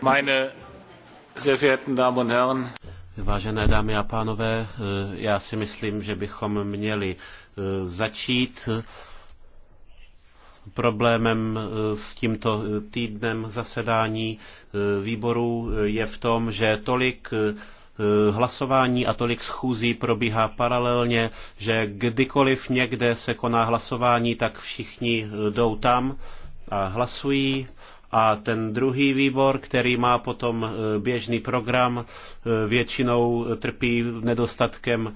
Meine sehr verehrten Damen und Herren, Vážené dámy a pánové, eh, já si myslím, že bychom měli eh, začít eh, problémem s tímto týdnem zasedání výborů je v tom, že tolik Eh, hlasování a tolik schůzí probíhá paralelně, že kdykoliv někde se koná hlasování, tak všichni eh, jdou tam a hlasují. A ten druhý výbor, který má potom eh, běžný program, většinou trpí nedostatkem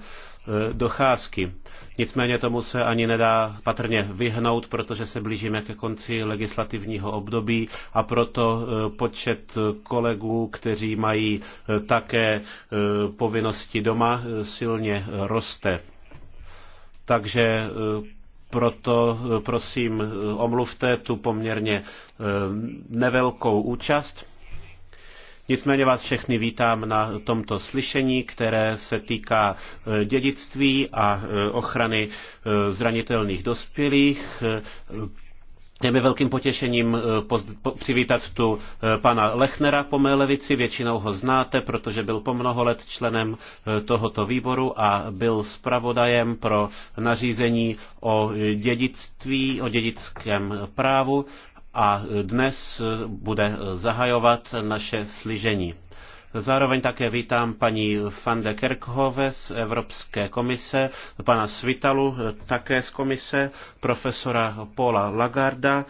docházky. Nicméně tomu se ani nedá patrně vyhnout, protože se blížíme ke konci legislativního období a proto e, počet kolegů, kteří mají e, také e, povinnosti doma, silně roste. Takže proto prosím omluvte tu poměrně nevelkou účast Nicméně vás všechny vítám na tomto slyšení, které se týká e, dědictví a e, ochrany e, zranitelných dospělých. Je mi velkým potěšením přivítat tu pana Lechnera po mé levici. Většinou ho znáte, protože byl po mnoho let členem tohoto výboru a byl zpravodajem pro nařízení o dědictví, o dědickém právu a dnes bude zahajovat naše slyžení. Zároveň také vítám paní van de Kerkhove z Evropské komise, pana Svitalu také z komise, profesora Paula Lagarda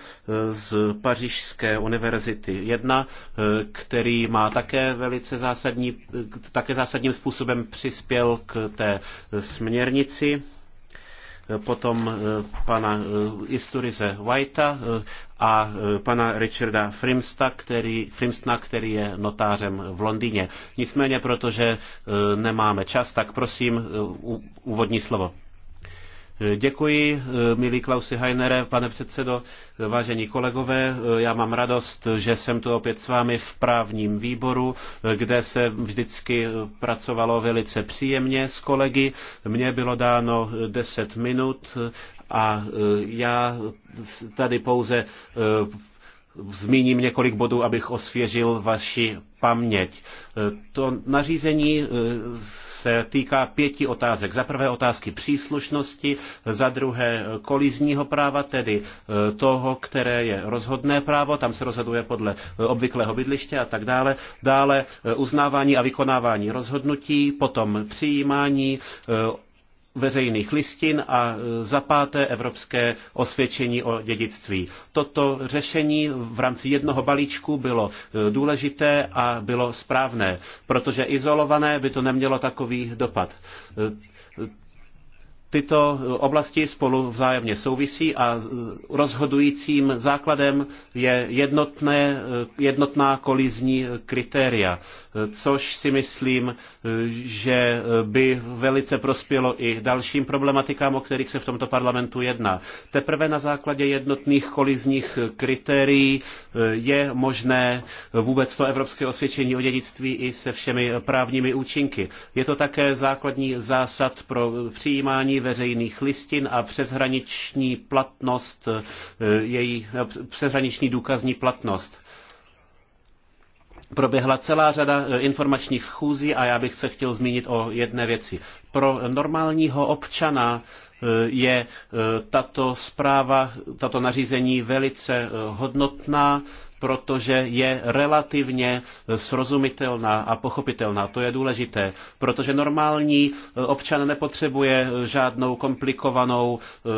z Pařížské univerzity 1, který má také velice zásadní, také zásadním způsobem přispěl k té směrnici potom eh, pana eh, Isturize Whitea eh, a pana Richarda Frimsta, který, Frimstna, který je notářem v Londýně. Nicméně, protože nemáme čas, tak prosím úvodní slovo. Děkuji, eh, milý Klausi Heinere, pane předsedo, eh, vážení kolegové. Eh, já mám radost, že jsem tu opět s vámi v právním výboru, kde se vždycky pracovalo velice příjemně s kolegy. Mně bylo dáno 10 minut a já tady pouze zmíním několik bodů, abych osvěžil vaši paměť. To nařízení se týká pěti otázek. Za prvé otázky příslušnosti, za druhé kolizního práva, tedy eh, toho, které je rozhodné právo, tam se rozhoduje podle eh, obvyklého bydliště a tak dále. Dále eh, uznávání a vykonávání rozhodnutí, potom přijímání veřejných listin a e, za páté evropské osvědčení o dědictví. Toto řešení v rámci jednoho balíčku bylo e, důležité a bylo správné, protože izolované by to nemělo takový dopad e, Tyto oblasti spolu vzájemně souvisí a rozhodujícím základem je jednotné, jednotná kolizní kritéria, což si myslím, že by velice prospělo i dalším problematikám, o kterých se v tomto parlamentu jedná. Teprve na základě jednotných kolizních kritérií je možné vůbec to evropské osvědčení o dědictví i se všemi právními účinky. Je to také základní zásad pro přijímání veřejných listin a přeshraniční platnost, eh, její eh, přeshraniční důkazní platnost. Proběhla celá řada eh, informačních schůzí a já bych se chtěl zmínit o jedné věci. Pro normálního občana je tato zpráva, tato nařízení velice hodnotná, protože je relativně srozumitelná a pochopitelná. To je důležité, protože normální eh, občan nepotřebuje eh, žádnou komplikovanou eh,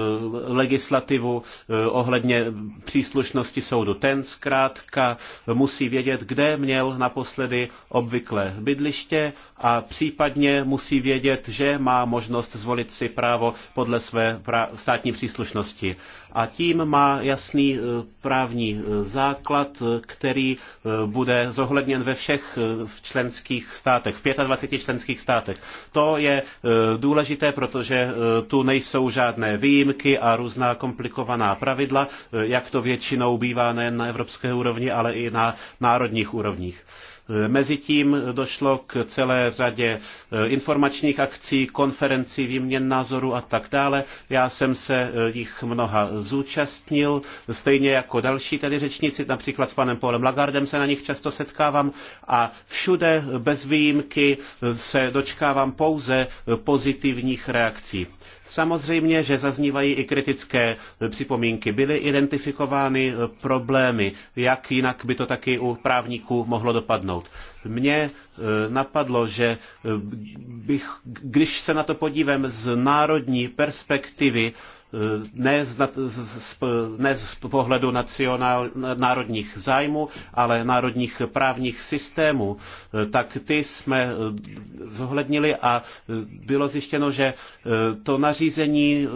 legislativu ohledně příslušnosti soudu. Ten zkrátka musí vědět, kde měl naposledy obvykle bydliště a případně musí vědět, že má možnost zvolit si právo podle své státní příslušnosti. A tím má jasný právní základ který eh, bude zohledněn ve všech eh, členských státech, v 25 členských státech. To je eh, důležité, protože tu nejsou žádné výjimky a různá komplikovaná pravidla, jak to většinou bývá nejen na evropské úrovni, ale i na národních úrovních. Mezitím došlo k celé řadě e, informačních akcí, konferencí, výměn názorů a tak dále. Já jsem se e, jich mnoha zúčastnil, stejně jako další tady řečníci, například s panem Paulem Lagardem se na nich často setkávám a všude bez výjimky se dočkávám pouze pozitivních reakcí. Samozřejmě, že zaznívají i kritické připomínky. Byly identifikovány problémy, jak jinak by to taky u právníků mohlo dopadnout. Mně e, napadlo, že e, bych, když se na to podívám z národní perspektivy, ne z, z, ne z pohledu nacionál, národních zájmů, ale národních právních systémů, tak ty jsme eh, zohlednili a eh, bylo zjištěno, že eh, to nařízení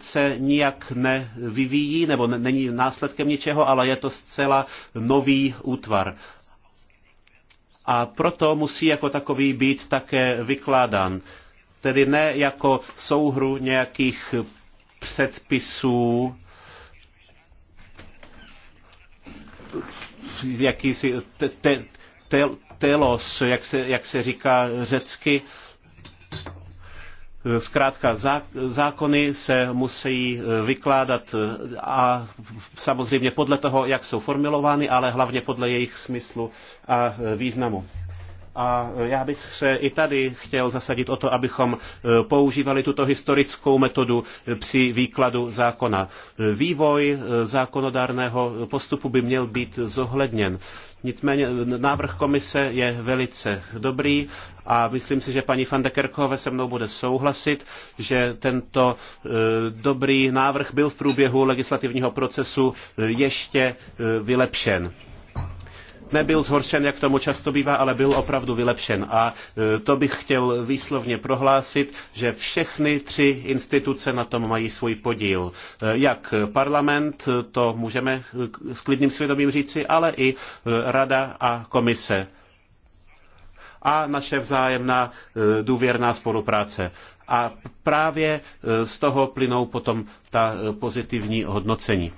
se nijak nevyvíjí nebo není následkem ničeho, ale je to zcela nový útvar a proto musí jako takový být také vykládán. Tedy ne jako souhru nějakých předpisů, jakýsi te, te, te, telos, jak se, jak se říká řecky. Zkrátka, zákony se musí vykládat a samozřejmě podle toho, jak jsou formulovány, ale hlavně podle jejich smyslu a významu. A já bych se i tady chtěl zasadit o to, abychom e, používali tuto historickou metodu e, při výkladu zákona. E, vývoj zákonodárného postupu by měl být zohledněn. Nicméně návrh komise je velice dobrý a myslím si, že paní van de Kerkhove se mnou bude souhlasit, že tento dobrý návrh byl v průběhu legislativního procesu ještě vylepšen nebyl zhoršen, jak tomu často bývá, ale byl opravdu vylepšen. A e, to bych chtěl výslovně prohlásit, že všechny tři instituce na tom mají svůj podíl. E, jak parlament, e, to můžeme s klidným svědomím říci, ale i rada a komise a naše vzájemná důvěrná spolupráce. A právě z toho plynou potom ta pozitivní hodnocení.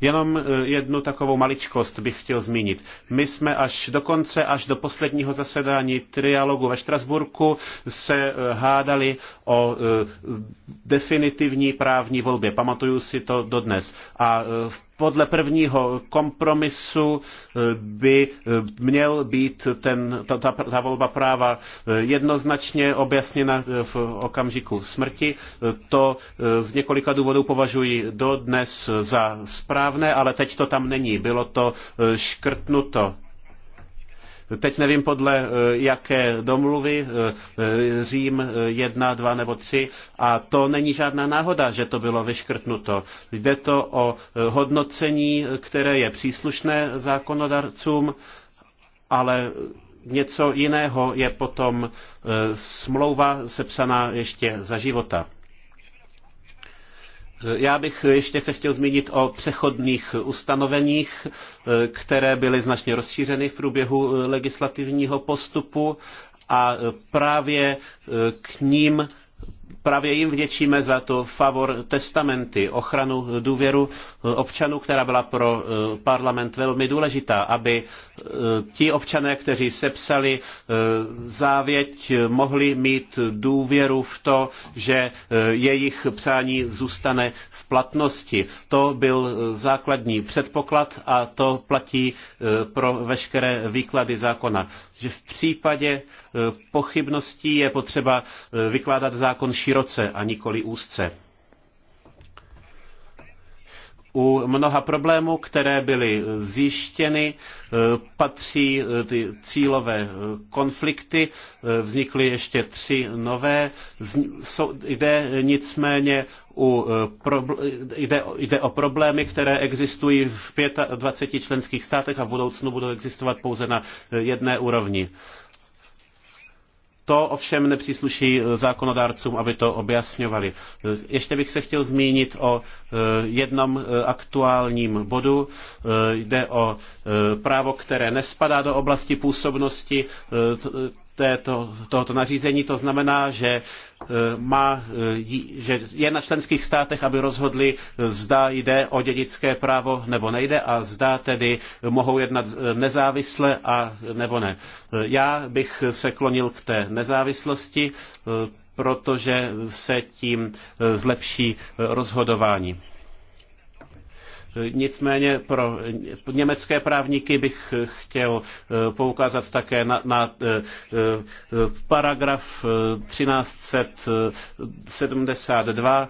Jenom eh, jednu takovou maličkost bych chtěl zmínit. My jsme až do konce, až do posledního zasedání trialogu ve Štrasburku se eh, hádali o eh, definitivní právní volbě. Pamatuju si to dodnes. A v podle prvního kompromisu eh, by eh, měl být ten, ta, ta, ta volba práva eh, jednoznačně objasněna v okamžiku smrti. To z několika důvodů považuji dodnes za správné, ale teď to tam není. Bylo to škrtnuto. Teď nevím podle eh, jaké domluvy, eh, eh, Řím 1, 2 nebo 3, a to není žádná náhoda, že to bylo vyškrtnuto. Jde to o hodnocení, které je příslušné zákonodarcům, ale něco jiného je potom smlouva sepsaná ještě za života. Já bych ještě se chtěl zmínit o přechodných ustanoveních, které byly značně rozšířeny v průběhu legislativního postupu a právě k ním Právě jim vděčíme za to favor testamenty, ochranu důvěru eh, občanů, která byla pro eh, parlament velmi důležitá, aby eh, ti občané, kteří sepsali závěť, mohli mít důvěru v to, že jejich přání zůstane v platnosti. To byl základní předpoklad a to platí pro veškeré výklady zákona. Že v případě pochybností je potřeba vykládat zákon široce a nikoli úzce. U mnoha problémů, které byly zjištěny, eh, patří eh, ty cílové eh, konflikty, vznikly ještě tři nové, jde nicméně u, jde, jde o problémy, které existují v 25 členských státech a v budoucnu budou existovat pouze na jedné úrovni. To ovšem nepřísluší eh, zákonodárcům, aby to objasňovali. Eh, ještě bych se chtěl zmínit o eh, jednom aktuálním bodu. Jde o právo, které nespadá do oblasti působnosti této, tohoto nařízení. To znamená, že Eh, má, eh, že je na členských státech, aby rozhodli, eh, zda jde o dědické právo nebo nejde a zda tedy mohou jednat nezávisle a nebo ne. Já bych se klonil k té nezávislosti, protože se tím zlepší rozhodování. Nicméně pro německé právníky bych chtěl eh, poukázat také na, na eh, eh, paragraf 1372,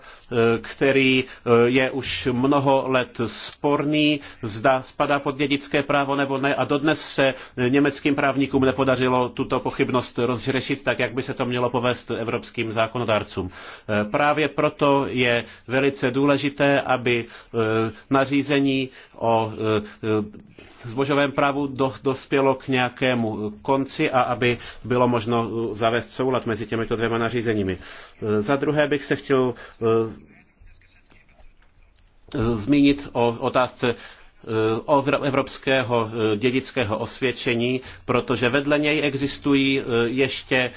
který je už mnoho let sporný, zda spadá pod dědické právo nebo ne a dodnes se německým právníkům nepodařilo tuto pochybnost rozřešit tak, jak by se to mělo povést evropským zákonodárcům. Právě proto je velice důležité, aby nařízení řízení o e, e, zbožovém právu do, dospělo k nějakému konci a aby bylo možno e, zavést soulad mezi těmito dvěma nařízeními. Za druhé bych se chtěl zmínit o otázce evropského dědického osvědčení, protože vedle něj existují ještě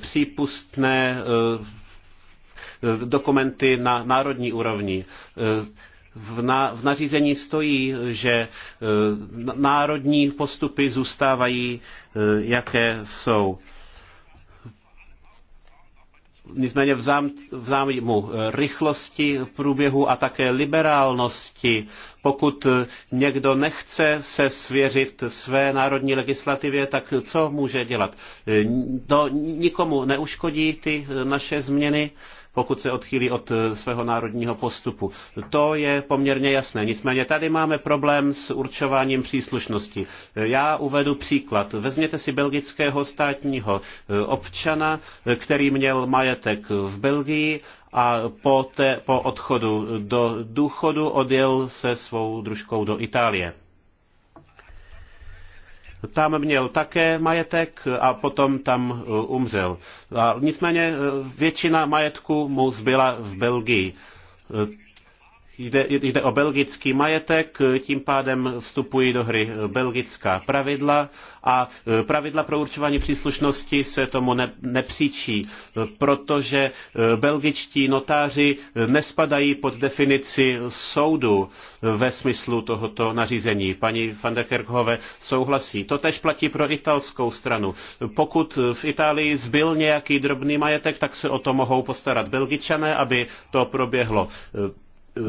přípustné dokumenty na národní úrovni. V, na, v nařízení stojí, že e, národní postupy zůstávají, e, jaké jsou. Nicméně v, zám, v zájmu rychlosti průběhu a také liberálnosti, pokud někdo nechce se svěřit své národní legislativě, tak co může dělat? To e, no, nikomu neuškodí ty naše změny pokud se odchýlí od eh, svého národního postupu. To je poměrně jasné. Nicméně tady máme problém s určováním příslušnosti. Eh, já uvedu příklad. Vezměte si belgického státního eh, občana, který měl majetek v Belgii a po, té, po odchodu do důchodu odjel se svou družkou do Itálie tam měl také majetek a potom tam e, umřel. A nicméně e, většina majetku mu zbyla v Belgii. E, Jde, jde o belgický majetek, tím pádem vstupují do hry belgická pravidla a pravidla pro určování příslušnosti se tomu ne, nepříčí, protože belgičtí notáři nespadají pod definici soudu ve smyslu tohoto nařízení. Paní van der Kerkhove souhlasí. To tež platí pro italskou stranu. Pokud v Itálii zbyl nějaký drobný majetek, tak se o to mohou postarat belgičané, aby to proběhlo Eh,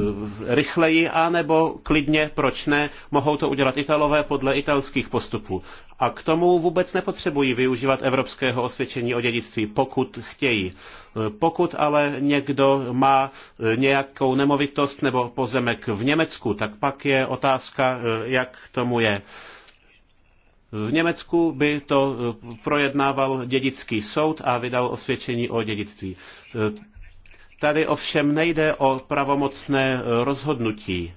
rychleji, anebo klidně, proč ne, mohou to udělat Italové podle italských postupů. A k tomu vůbec nepotřebují využívat evropského osvědčení o dědictví, pokud chtějí. Eh, pokud ale někdo má eh, nějakou nemovitost nebo pozemek v Německu, tak pak je otázka, jak tomu je. V Německu by to projednával dědický soud a vydal osvědčení o dědictví. Tady ovšem nejde o pravomocné rozhodnutí.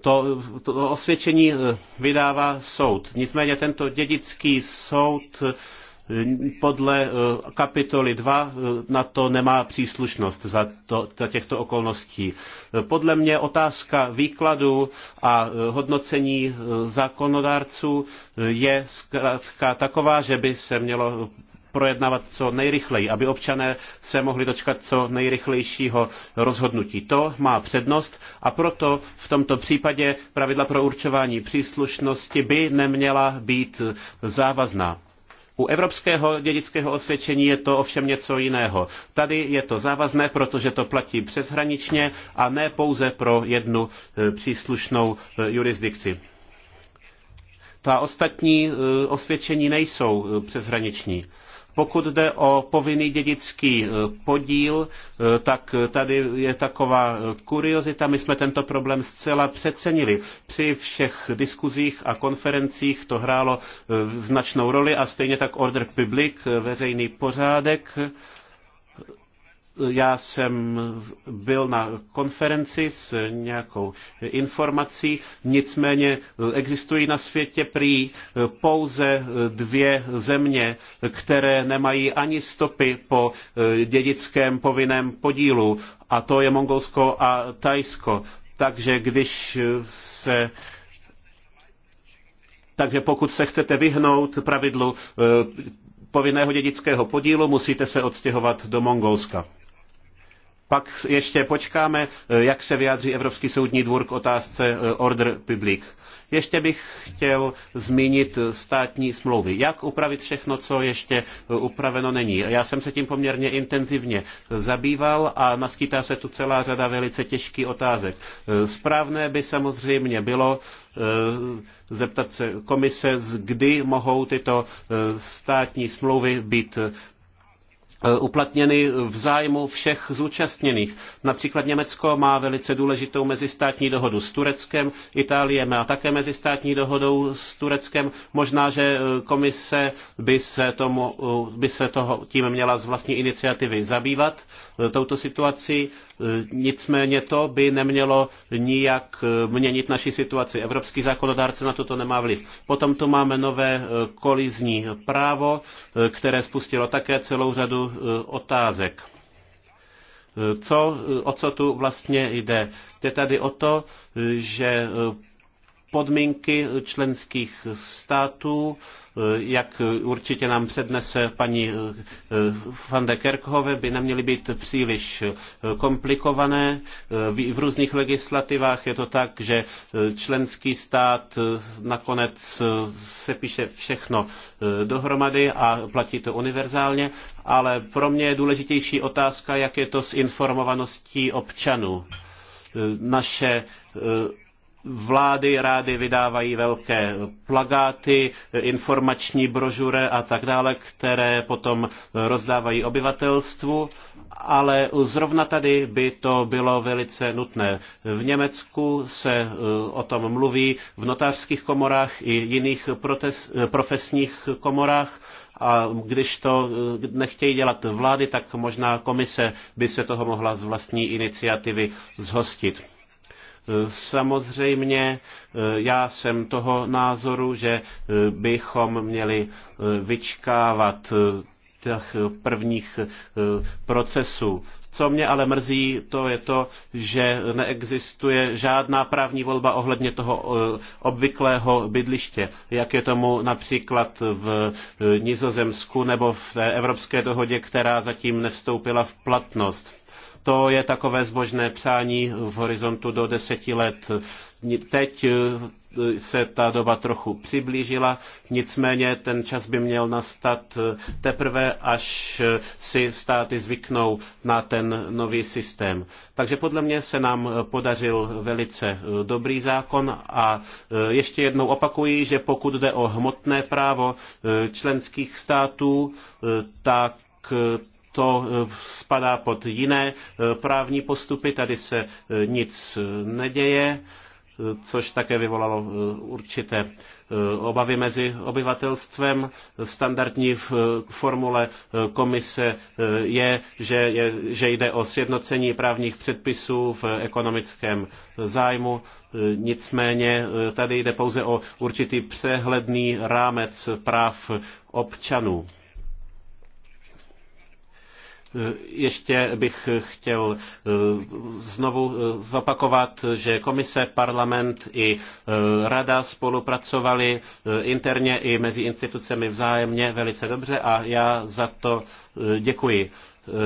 To, to osvědčení eh, vydává soud. Nicméně tento dědický soud eh, podle eh, kapitoly 2 na to nemá příslušnost za, to, za těchto okolností. Podle mě otázka výkladu a hodnocení zákonodárců je zkrátka taková, že by se mělo projednávat co nejrychleji, aby občané se mohli dočkat co nejrychlejšího rozhodnutí. To má přednost a proto v tomto případě pravidla pro určování příslušnosti by neměla být závazná. U evropského dědického osvědčení je to ovšem něco jiného. Tady je to závazné, protože to platí přeshraničně a ne pouze pro jednu e, příslušnou e, jurisdikci. Ta ostatní e, osvědčení nejsou přeshraniční. Pokud jde o povinný dědický eh, podíl, eh, tak eh, tady je taková kuriozita. My jsme tento problém zcela přecenili. Při všech diskuzích a konferencích to hrálo značnou roli a stejně tak order public, veřejný pořádek já jsem byl na konferenci s nějakou informací, nicméně existují na světě prý pouze dvě země, které nemají ani stopy po dědickém povinném podílu, a to je Mongolsko a Tajsko. Takže když se takže pokud se chcete vyhnout pravidlu eh, povinného dědického podílu, musíte se odstěhovat do Mongolska. Pak ještě počkáme, eh, jak se vyjádří Evropský soudní dvůr k otázce eh, order public. Ještě bych chtěl zmínit eh, státní smlouvy. Jak upravit všechno, co ještě upraveno není? Já jsem se tím poměrně intenzivně zabýval a naskýtá se tu celá řada velice těžkých otázek. Správné by samozřejmě bylo zeptat se komise, kdy mohou tyto státní smlouvy být Eh, uplatněny v zájmu všech zúčastněných. Například Německo má velice důležitou mezistátní dohodu s Tureckem, Itálie má také mezistátní dohodu s Tureckem. Možná, že eh, komise by se, tomu, eh, by se toho, tím měla z vlastní iniciativy zabývat E, touto situací. E, nicméně to by nemělo nijak e, měnit naši situaci. Evropský zákonodárce na toto nemá vliv. Potom tu máme nové kolizní právo, které spustilo také celou řadu otázek co, o co tu vlastně jde. Jde tady o to, že podmínky členských států, jak určitě nám přednese paní eh, van de Kerkhove, by neměly být příliš eh, komplikované. Eh, v různých legislativách je to tak, že členský stát nakonec se píše všechno dohromady a platí to univerzálně, ale pro mě je důležitější otázka, jak je to s informovaností občanů. Naše vlády rády vydávají velké plagáty, informační brožure a tak dále, které potom rozdávají obyvatelstvu, ale zrovna tady by to bylo velice nutné. V Německu se eh, o tom mluví v notářských komorách i jiných protes, profesních komorách, a když to eh, nechtějí dělat vlády, tak možná komise by se toho mohla z vlastní iniciativy zhostit. Samozřejmě eh, já jsem toho názoru, že eh, bychom měli eh, vyčkávat těch prvních procesů. Co mě ale mrzí, to je to, že neexistuje žádná právní volba ohledně toho obvyklého bydliště, jak je tomu například v Nizozemsku nebo v té Evropské dohodě, která zatím nevstoupila v platnost to je takové zbožné přání v horizontu do deseti let. Teď eh, se ta doba trochu přiblížila, nicméně ten čas by měl nastat eh, teprve, až eh, si státy zvyknou na ten nový systém. Takže podle mě se nám podařil velice dobrý zákon a ještě jednou opakuji, že pokud jde o hmotné právo členských států, tak to eh, spadá pod jiné eh, právní postupy, tady se eh, nic neděje, což také vyvolalo určité obavy mezi obyvatelstvem. Standardní v formule komise je, že, je, že jde o sjednocení právních předpisů v ekonomickém zájmu. Nicméně tady jde pouze o určitý přehledný rámec práv občanů. Ještě bych chtěl eh, znovu eh, zopakovat, že komise, parlament i eh, rada spolupracovali interně i mezi institucemi vzájemně velice dobře a já za to děkuji.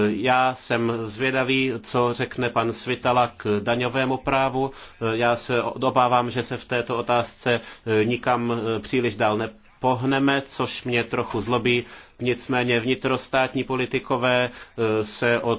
Já jsem zvědavý, co řekne pan Svitala k daňovému právu. Já se obávám, že se v této otázce nikam příliš dál ne pohneme, což mě trochu zlobí, Nicméně vnitrostátní politikové eh, se o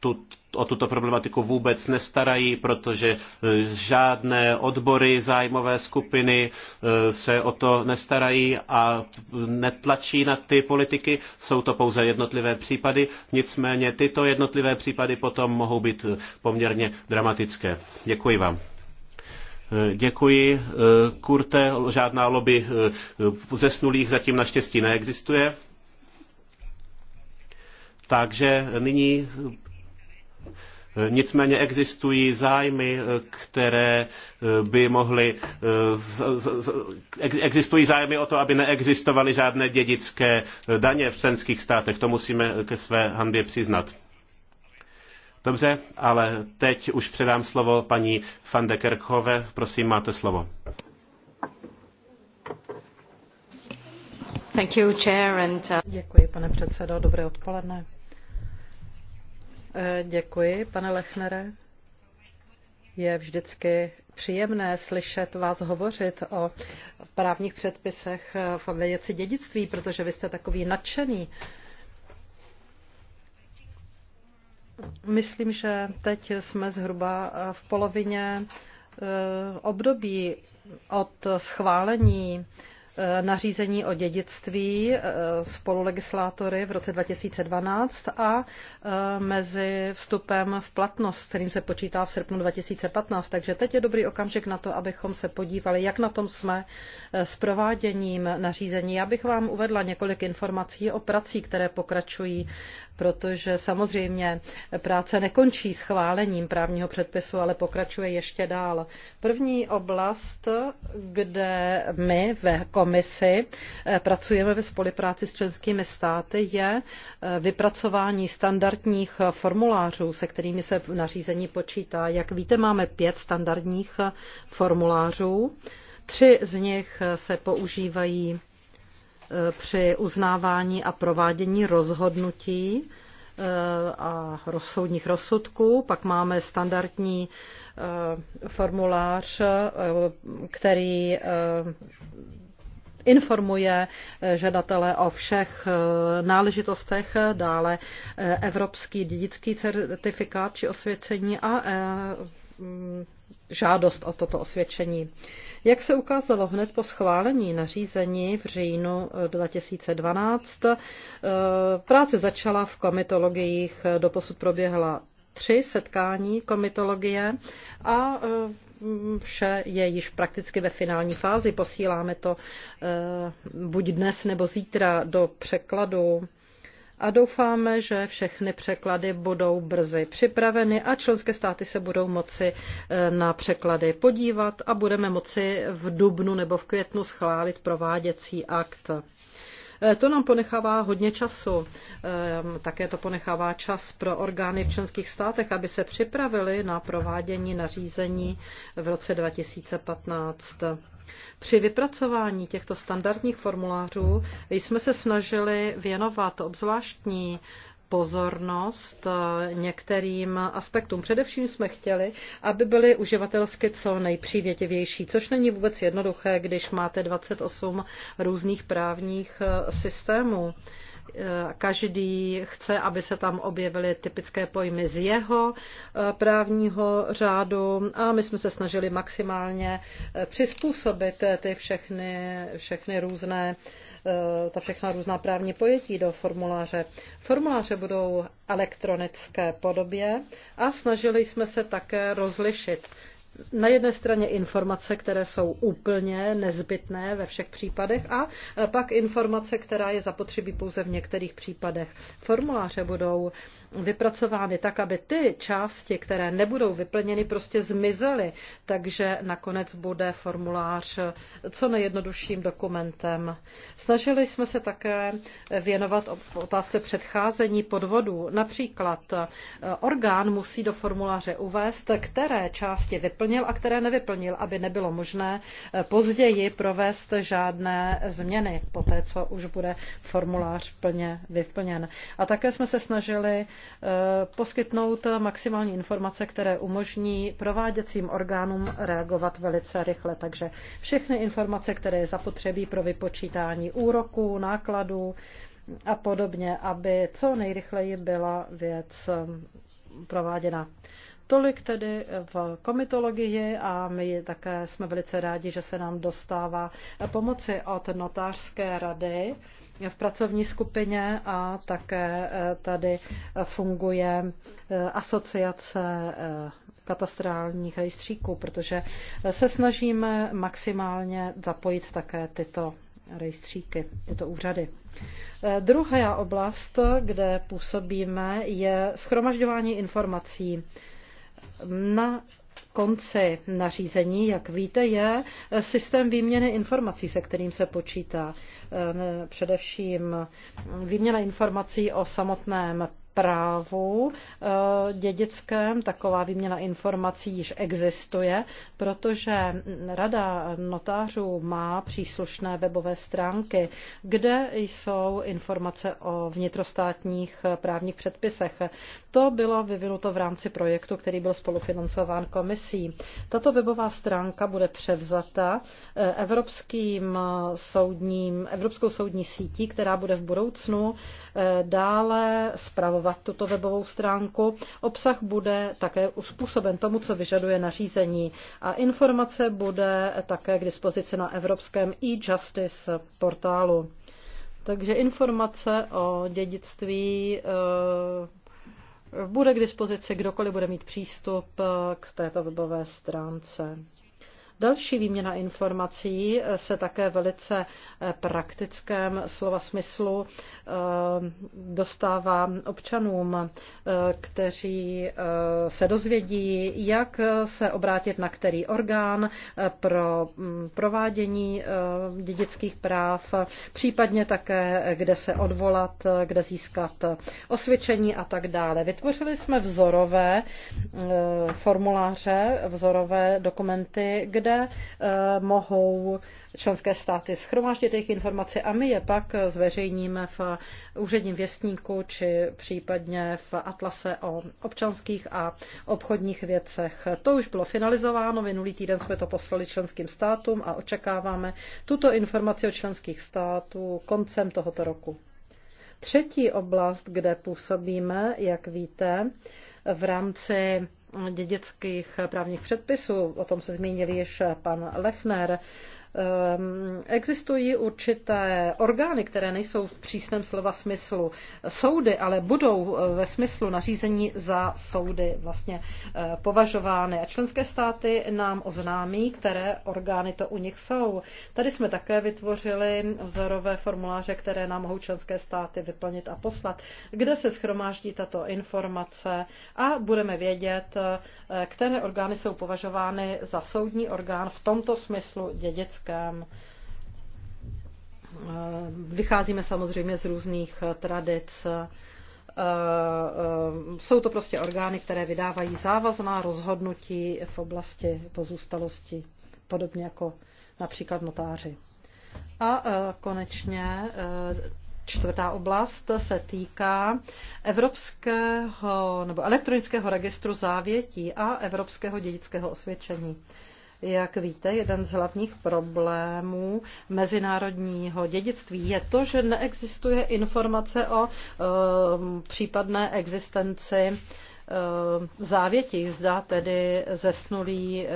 tu, o tuto problematiku vůbec nestarají, protože eh, žádné odbory, zájmové skupiny eh, se o to nestarají a netlačí na ty politiky. Jsou to pouze jednotlivé případy, nicméně tyto jednotlivé případy potom mohou být poměrně dramatické. Děkuji vám. Děkuji. Kurte, žádná lobby zesnulých zatím naštěstí neexistuje. Takže nyní eh, Nicméně existují zájmy, eh, které eh, by mohly, existují zájmy o to, aby neexistovaly žádné dědické daně v členských státech. To musíme ke své hanbě přiznat. Dobře, ale teď už předám slovo paní van de Kerkhove. Prosím, máte slovo. Thank you, chair and, uh, Děkuji, pane předsedo. Dobré odpoledne. Eh, děkuji, pane Lechnere. Je vždycky příjemné slyšet vás hovořit o právních předpisech eh, v věci dědictví, protože vy jste takový nadšený. Myslím, že teď jsme zhruba eh, v polovině období od schválení Eh, nařízení o dědictví eh, spolulegislátory v roce 2012 a eh, mezi vstupem v platnost, kterým se počítá v srpnu 2015. Takže teď je dobrý okamžik na to, abychom se podívali, jak na tom jsme s prováděním nařízení. Já bych vám uvedla několik informací o prací, které pokračují protože samozřejmě práce nekončí schválením právního předpisu, ale pokračuje ještě dál. První oblast, kde my ve komisi eh, pracujeme ve spolupráci s členskými státy, je eh, vypracování standardních formulářů, se kterými se v nařízení počítá. Jak víte, máme pět standardních eh, formulářů. Tři z nich se používají Eh, při uznávání a provádění rozhodnutí eh, a rozsoudních rozsudků. Pak máme standardní eh, formulář, který informuje žadatele o všech náležitostech, dále evropský dědický certifikát či osvědčení a mm, žádost o toto osvědčení. Jak se ukázalo hned po schválení nařízení v říjnu 2012, eh, eh, práce začala v komitologiích, eh, doposud proběhla tři setkání komitologie a vše je již prakticky ve finální fázi. Posíláme to buď dnes nebo zítra do překladu a doufáme, že všechny překlady budou brzy připraveny a členské státy se budou moci eh, na překlady podívat a budeme moci v dubnu nebo v květnu schválit prováděcí akt. Eh, to nám ponechává hodně času. Ehm, také to ponechává čas pro orgány v členských státech, aby se připravili na provádění nařízení v roce 2015. Při vypracování těchto standardních formulářů jsme se snažili věnovat obzvláštní pozornost eh, některým aspektům. Především jsme chtěli, aby byly uživatelsky co nejpřívětivější, což není vůbec jednoduché, když máte 28 různých právních eh, systémů. Eh, každý chce, aby se tam objevily typické pojmy z jeho eh, právního řádu a my jsme se snažili maximálně eh, přizpůsobit ty všechny, všechny různé ta všechna různá právní pojetí do formuláře. Formuláře budou elektronické podobě a snažili jsme se také rozlišit na jedné straně informace, které jsou úplně nezbytné ve všech případech a pak informace, která je zapotřebí pouze v některých případech. Formuláře budou vypracovány tak, aby ty části, které nebudou vyplněny, prostě zmizely, takže nakonec bude formulář co nejjednodušším dokumentem. Snažili jsme se také věnovat otázce předcházení podvodů. Například orgán musí do formuláře uvést, které části vyplněny splnil a které nevyplnil, aby nebylo možné eh, později provést žádné změny po té, co už bude formulář plně vyplněn. A také jsme se snažili eh, poskytnout maximální informace, které umožní prováděcím orgánům reagovat velice rychle. Takže všechny informace, které je zapotřebí pro vypočítání úroků, nákladů, a podobně, aby co nejrychleji byla věc eh, prováděna. Tolik tedy v komitologii a my také jsme velice rádi, že se nám dostává pomoci od notářské rady v pracovní skupině a také tady funguje asociace katastrálních rejstříků, protože se snažíme maximálně zapojit také tyto rejstříky, tyto úřady. Druhá oblast, kde působíme, je schromažďování informací na konci nařízení, jak víte, je systém výměny informací, se kterým se počítá. Ehm, především výměna informací o samotném právu eh, dědickém. Taková výměna informací již existuje, protože Rada notářů má příslušné webové stránky, kde jsou informace o vnitrostátních právních předpisech. To bylo vyvinuto v rámci projektu, který byl spolufinancován komisí. Tato webová stránka bude převzata eh, Evropským soudním, Evropskou soudní sítí, která bude v budoucnu eh, dále zpravovat upravovat tuto webovou stránku. Obsah bude také uspůsoben tomu, co vyžaduje nařízení a informace bude také k dispozici na evropském e-justice portálu. Takže informace o dědictví eh, bude k dispozici, kdokoliv bude mít přístup eh, k této webové stránce. Další výměna informací se také velice eh, praktickém slova smyslu eh, dostává občanům, eh, kteří se dozvědí, jak se obrátit na který orgán pro mm, provádění dědických práv, případně také, kde se odvolat, kde získat osvědčení a tak dále. Vytvořili jsme vzorové formuláře, vzorové dokumenty, kde lidé eh, mohou členské státy schromáždit jejich informace a my je pak zveřejníme v úředním věstníku či případně v atlase o občanských a obchodních věcech. To už bylo finalizováno, minulý týden jsme to poslali členským státům a očekáváme tuto informaci o členských států koncem tohoto roku. Třetí oblast, kde působíme, jak víte, v rámci dědických právních předpisů, o tom se zmínil již pan Lechner, Ehm, existují určité orgány, které nejsou v přísném slova smyslu soudy, ale budou eh, ve smyslu nařízení za soudy vlastně eh, považovány. A členské státy nám oznámí, které orgány to u nich jsou. Tady jsme také vytvořili vzorové formuláře, které nám mohou členské státy vyplnit a poslat, kde se schromáždí tato informace a budeme vědět, eh, které orgány jsou považovány za soudní orgán v tomto smyslu dědické otázkám. Eh, vycházíme samozřejmě z různých eh, tradic. Eh, jsou to prostě orgány, které vydávají závazná rozhodnutí v oblasti pozůstalosti, podobně jako například notáři. A konečně čtvrtá oblast se týká evropského nebo elektronického registru závětí a evropského dědického osvědčení. Jak víte, jeden z hlavních problémů mezinárodního dědictví je to, že neexistuje informace o e, případné existenci e, závěti. Zda tedy zesnulý e,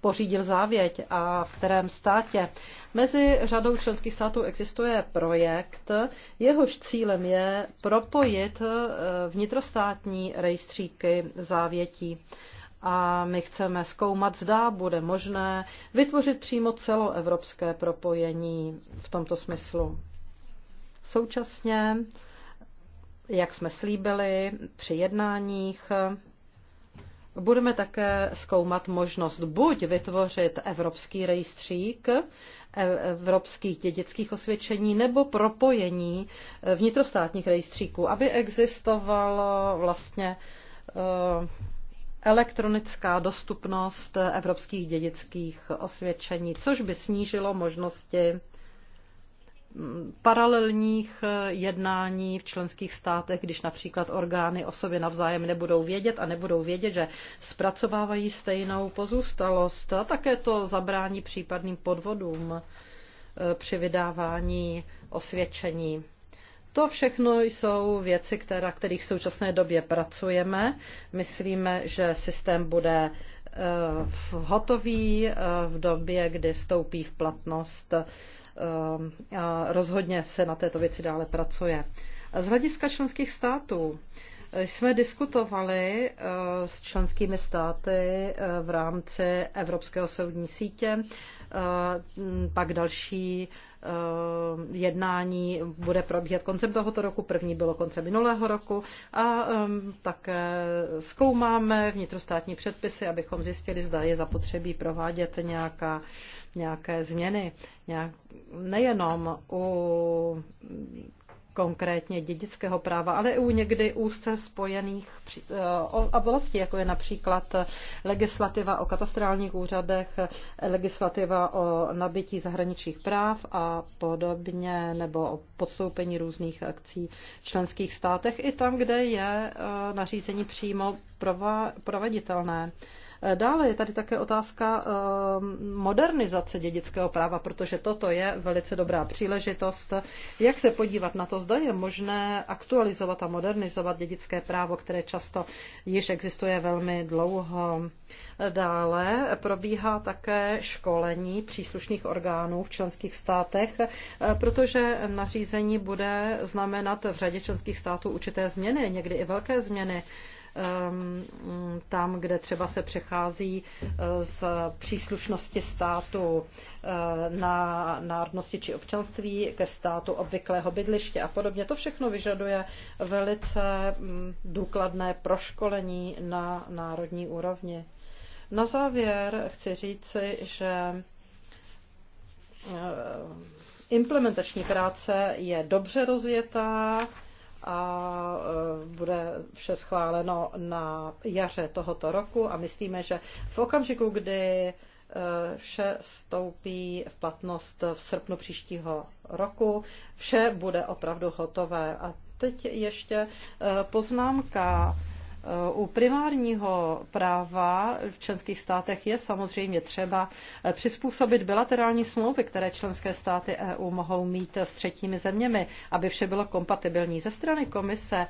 pořídil závěť a v kterém státě. Mezi řadou členských států existuje projekt, jehož cílem je propojit vnitrostátní rejstříky závětí a my chceme zkoumat, zda bude možné vytvořit přímo celoevropské propojení v tomto smyslu. Současně, jak jsme slíbili při jednáních, budeme také zkoumat možnost buď vytvořit evropský rejstřík evropských dědických osvědčení nebo propojení vnitrostátních rejstříků, aby existovalo vlastně eh, elektronická dostupnost evropských dědických osvědčení, což by snížilo možnosti mm, paralelních eh, jednání v členských státech, když například orgány o sobě navzájem nebudou vědět a nebudou vědět, že zpracovávají stejnou pozůstalost. A také to zabrání případným podvodům eh, při vydávání osvědčení. To všechno jsou věci, která, kterých v současné době pracujeme. Myslíme, že systém bude eh, hotový eh, v době, kdy vstoupí v platnost eh, a rozhodně se na této věci dále pracuje. Z hlediska členských států jsme diskutovali eh, s členskými státy eh, v rámci Evropského soudní sítě, eh, pak další jednání bude probíhat koncem tohoto roku, první bylo koncem minulého roku a také zkoumáme vnitrostátní předpisy, abychom zjistili, zda je zapotřebí provádět nějaká, nějaké změny. Nějak, nejenom u konkrétně dědického práva, ale i u někdy úzce spojených eh, oblastí, jako je například legislativa o katastrálních úřadech, legislativa o nabití zahraničních práv a podobně, nebo o podstoupení různých akcí v členských státech, i tam, kde je eh, nařízení přímo proveditelné. Eh, dále je tady také otázka eh, modernizace dědického práva, protože toto je velice dobrá příležitost, jak se podívat na to, zda je možné aktualizovat a modernizovat dědické právo, které často již existuje velmi dlouho. Eh, dále probíhá také školení příslušných orgánů v členských státech, protože nařízení bude znamenat v řadě členských států určité změny, někdy i velké změny Ehm, tam, kde třeba se přechází eh, z příslušnosti státu eh, na národnosti či občanství ke státu obvyklého bydliště a podobně. To všechno vyžaduje velice mm, důkladné proškolení na národní úrovni. Na závěr chci říci, že eh, implementační práce je dobře rozjetá, a e, bude vše schváleno na jaře tohoto roku a myslíme, že v okamžiku, kdy e, vše stoupí v platnost v srpnu příštího roku, vše bude opravdu hotové. A teď ještě e, poznámka u primárního práva v členských státech je samozřejmě třeba eh, přizpůsobit bilaterální smlouvy, které členské státy EU mohou mít s třetími zeměmi, aby vše bylo kompatibilní. Ze strany komise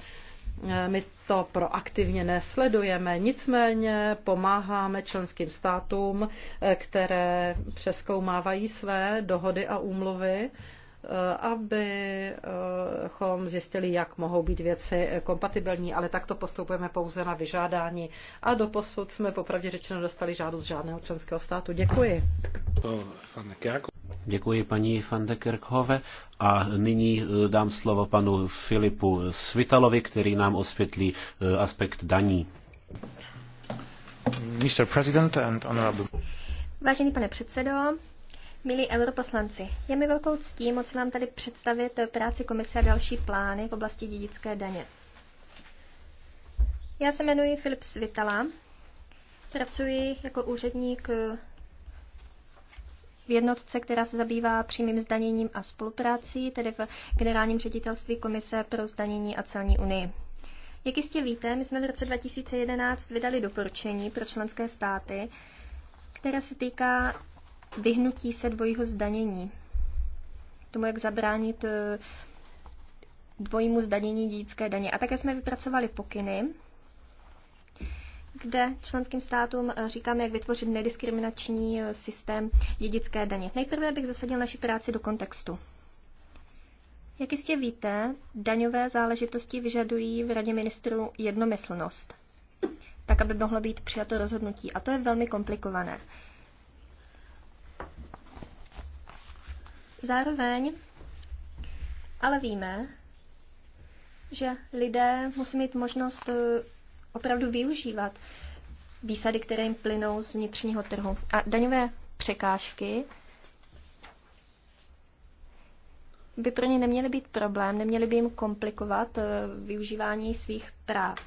eh, my to proaktivně nesledujeme, nicméně pomáháme členským státům, eh, které přeskoumávají své dohody a úmluvy Eh, abychom zjistili, jak mohou být věci kompatibilní, ale takto postupujeme pouze na vyžádání. A doposud jsme popravdě řečeno dostali žádost žádného členského státu. Děkuji. Děkuji paní van de Kerkhove a nyní eh, dám slovo panu Filipu Svitalovi, který nám osvětlí eh, aspekt daní. Mr. President and honorable. Vážený pane předsedo, Milí europoslanci, je mi velkou ctí moc vám tady představit práci komise a další plány v oblasti dědické daně. Já se jmenuji Filip Svitala, pracuji jako úředník v jednotce, která se zabývá přímým zdaněním a spoluprácí, tedy v generálním ředitelství Komise pro zdanění a celní unii. Jak jistě víte, my jsme v roce 2011 vydali doporučení pro členské státy, které se týká vyhnutí se dvojího zdanění. Tomu, jak zabránit eh, dvojímu zdanění dětské daně. A také jsme vypracovali pokyny, kde členským státům eh, říkáme, jak vytvořit nediskriminační eh, systém dědické daně. Nejprve bych zasadil naši práci do kontextu. Jak jistě víte, daňové záležitosti vyžadují v Radě ministrů jednomyslnost, tak aby mohlo být přijato rozhodnutí. A to je velmi komplikované. Zároveň ale víme, že lidé musí mít možnost eh, opravdu využívat výsady, které jim plynou z vnitřního trhu. A daňové překážky by pro ně neměly být problém, neměly by jim komplikovat eh, využívání svých práv.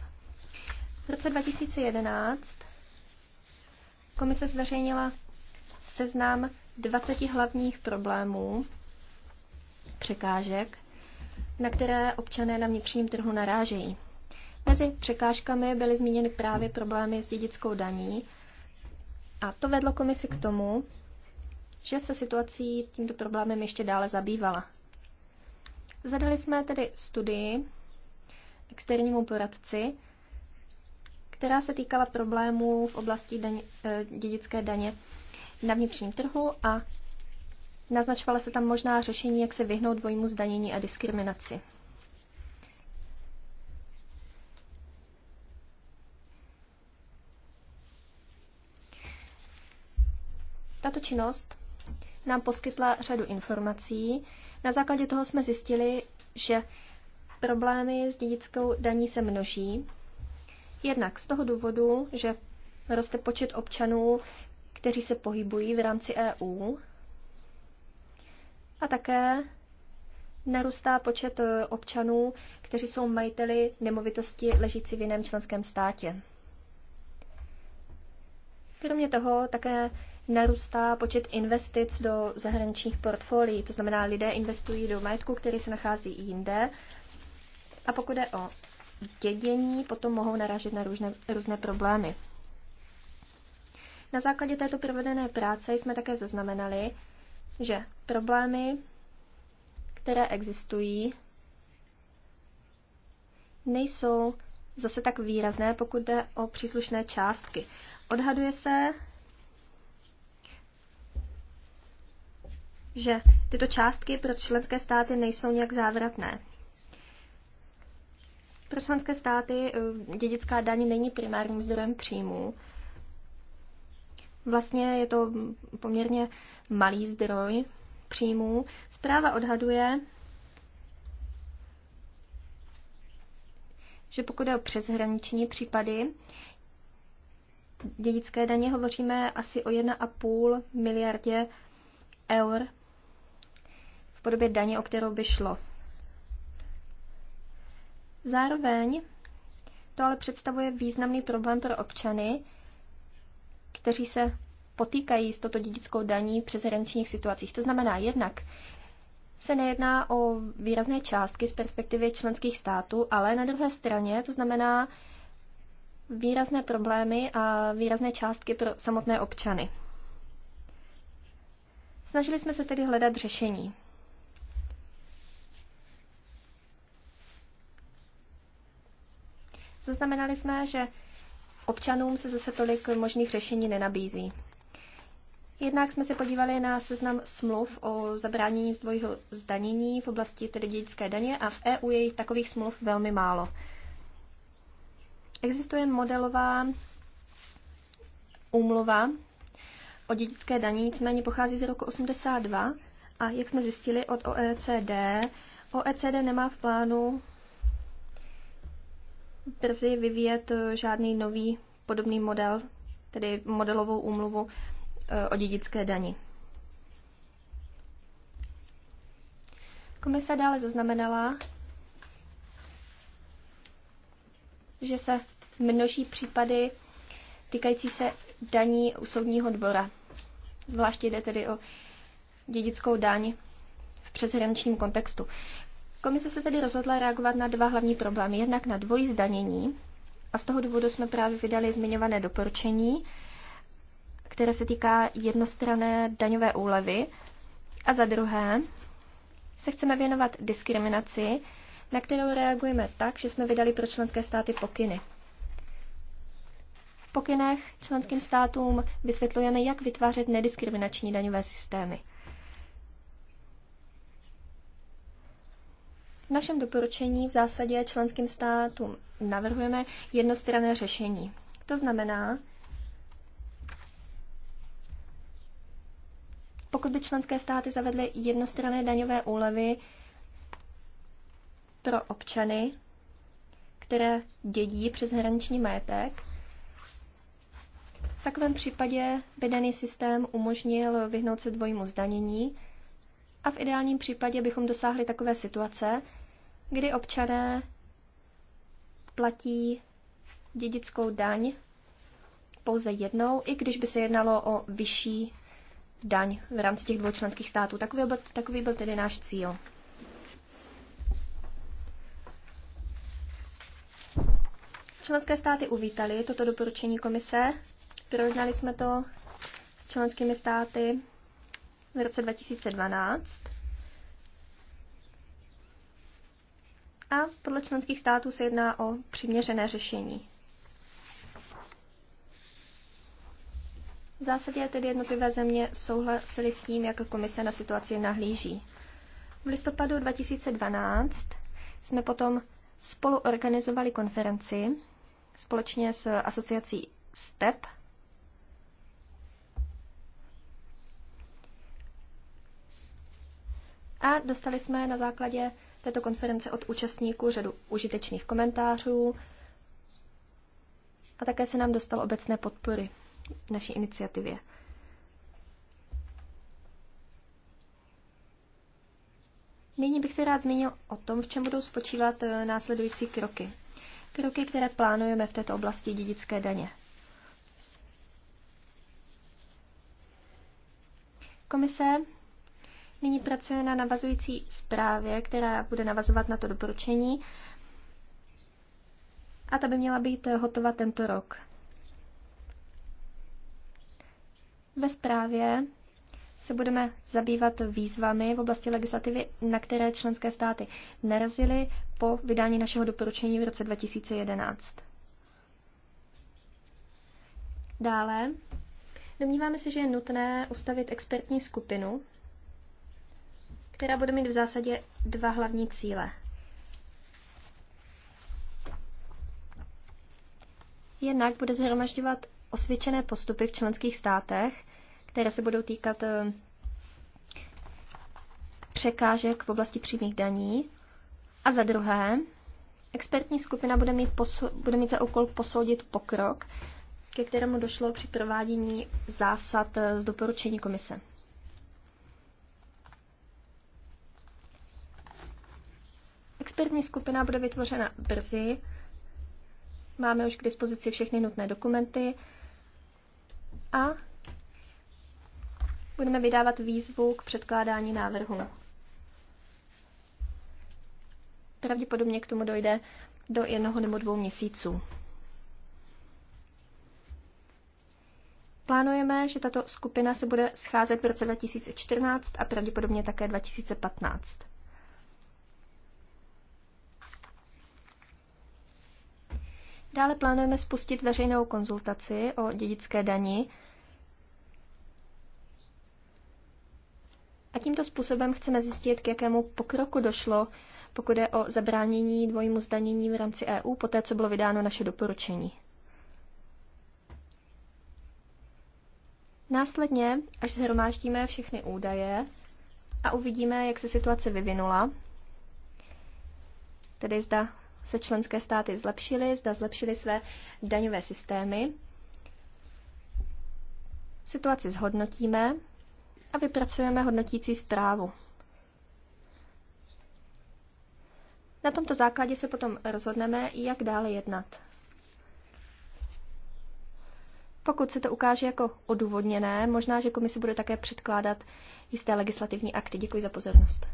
V roce 2011 komise zveřejnila seznam 20 hlavních problémů, překážek, na které občané na vnitřním trhu narážejí. Mezi překážkami byly zmíněny právě problémy s dědickou daní a to vedlo komisi k tomu, že se situací tímto problémem ještě dále zabývala. Zadali jsme tedy studii externímu poradci, která se týkala problémů v oblasti daň, eh, dědické daně na vnitřním trhu a naznačovala se tam možná řešení, jak se vyhnout dvojímu zdanění a diskriminaci. Tato činnost nám poskytla řadu informací. Na základě toho jsme zjistili, že problémy s dědickou daní se množí. Jednak z toho důvodu, že roste počet občanů, kteří se pohybují v rámci EU. A také narůstá počet e, občanů, kteří jsou majiteli nemovitosti ležící v jiném členském státě. Kromě toho také narůstá počet investic do zahraničních portfolií, to znamená, lidé investují do majetku, který se nachází i jinde. A pokud je o dědění, potom mohou narážet na různé, různé problémy. Na základě této provedené práce jsme také zaznamenali, že problémy, které existují, nejsou zase tak výrazné, pokud jde o příslušné částky. Odhaduje se, že tyto částky pro členské státy nejsou nějak závratné. Pro členské státy eh, dědická daň není primárním zdrojem příjmů Vlastně je to poměrně malý zdroj příjmů. Zpráva odhaduje, že pokud je o přeshraniční případy, dědické daně hovoříme asi o 1,5 miliardě eur v podobě daně, o kterou by šlo. Zároveň to ale představuje významný problém pro občany, kteří se potýkají s toto dědickou daní při zahraničních situacích. To znamená jednak, se nejedná o výrazné částky z perspektivy členských států, ale na druhé straně to znamená výrazné problémy a výrazné částky pro samotné občany. Snažili jsme se tedy hledat řešení. Zaznamenali jsme, že občanům se zase tolik možných řešení nenabízí. Jednak jsme se podívali na seznam smluv o zabránění zdvojího zdanění v oblasti tedy dědické daně a v EU je jich takových smluv velmi málo. Existuje modelová úmluva o dědické daní, nicméně pochází z roku 82 a jak jsme zjistili od OECD, OECD nemá v plánu brzy vyvíjet eh, žádný nový podobný model, tedy modelovou úmluvu eh, o dědické dani. Komise dále zaznamenala, že se množí případy týkající se daní u soudního dvora. Zvláště jde tedy o dědickou daň v přeshraničním kontextu. Komise se tedy rozhodla reagovat na dva hlavní problémy. Jednak na dvojí zdanění a z toho důvodu jsme právě vydali zmiňované doporučení, které se týká jednostrané daňové úlevy. A za druhé se chceme věnovat diskriminaci, na kterou reagujeme tak, že jsme vydali pro členské státy pokyny. V pokynech členským státům vysvětlujeme, jak vytvářet nediskriminační daňové systémy. našem doporučení v zásadě členským státům navrhujeme jednostranné řešení. To znamená, pokud by členské státy zavedly jednostranné daňové úlevy pro občany, které dědí přes hraniční majetek, v takovém případě by daný systém umožnil vyhnout se dvojímu zdanění a v ideálním případě bychom dosáhli takové situace, kdy občané platí dědickou daň pouze jednou, i když by se jednalo o vyšší daň v rámci těch dvou členských států. Takový byl, takový byl tedy náš cíl. Členské státy uvítali toto doporučení komise. Projednali jsme to s členskými státy v roce 2012. a podle členských států se jedná o přiměřené řešení. V zásadě tedy jednotlivé země souhlasily s tím, jak komise na situaci nahlíží. V listopadu 2012 jsme potom spolu organizovali konferenci společně s asociací STEP. A dostali jsme na základě této konference od účastníků řadu užitečných komentářů a také se nám dostalo obecné podpory naší iniciativě. Nyní bych se rád zmínil o tom, v čem budou spočívat eh, následující kroky. Kroky, které plánujeme v této oblasti dědické daně. Komise Nyní pracuje na navazující zprávě, která bude navazovat na to doporučení a ta by měla být hotova tento rok. Ve zprávě se budeme zabývat výzvami v oblasti legislativy, na které členské státy narazily po vydání našeho doporučení v roce 2011. Dále, domníváme se, že je nutné ustavit expertní skupinu, která bude mít v zásadě dva hlavní cíle. Jednak bude zhromažďovat osvědčené postupy v členských státech, které se budou týkat eh, překážek v oblasti přímých daní. A za druhé, expertní skupina bude mít, posu- bude mít za úkol posoudit pokrok, ke kterému došlo při provádění zásad eh, z doporučení komise. Expertní skupina bude vytvořena brzy. Máme už k dispozici všechny nutné dokumenty a budeme vydávat výzvu k předkládání návrhu. Pravděpodobně k tomu dojde do jednoho nebo dvou měsíců. Plánujeme, že tato skupina se bude scházet v roce 2014 a pravděpodobně také 2015. Dále plánujeme spustit veřejnou konzultaci o dědické dani. A tímto způsobem chceme zjistit, k jakému pokroku došlo, pokud je o zabránění dvojímu zdanění v rámci EU, poté co bylo vydáno naše doporučení. Následně, až zhromáždíme všechny údaje a uvidíme, jak se situace vyvinula, tedy zda se členské státy zlepšily, zda zlepšily své daňové systémy. Situaci zhodnotíme a vypracujeme hodnotící zprávu. Na tomto základě se potom rozhodneme, jak dále jednat. Pokud se to ukáže jako odůvodněné, možná, že komise bude také předkládat jisté legislativní akty. Děkuji za pozornost.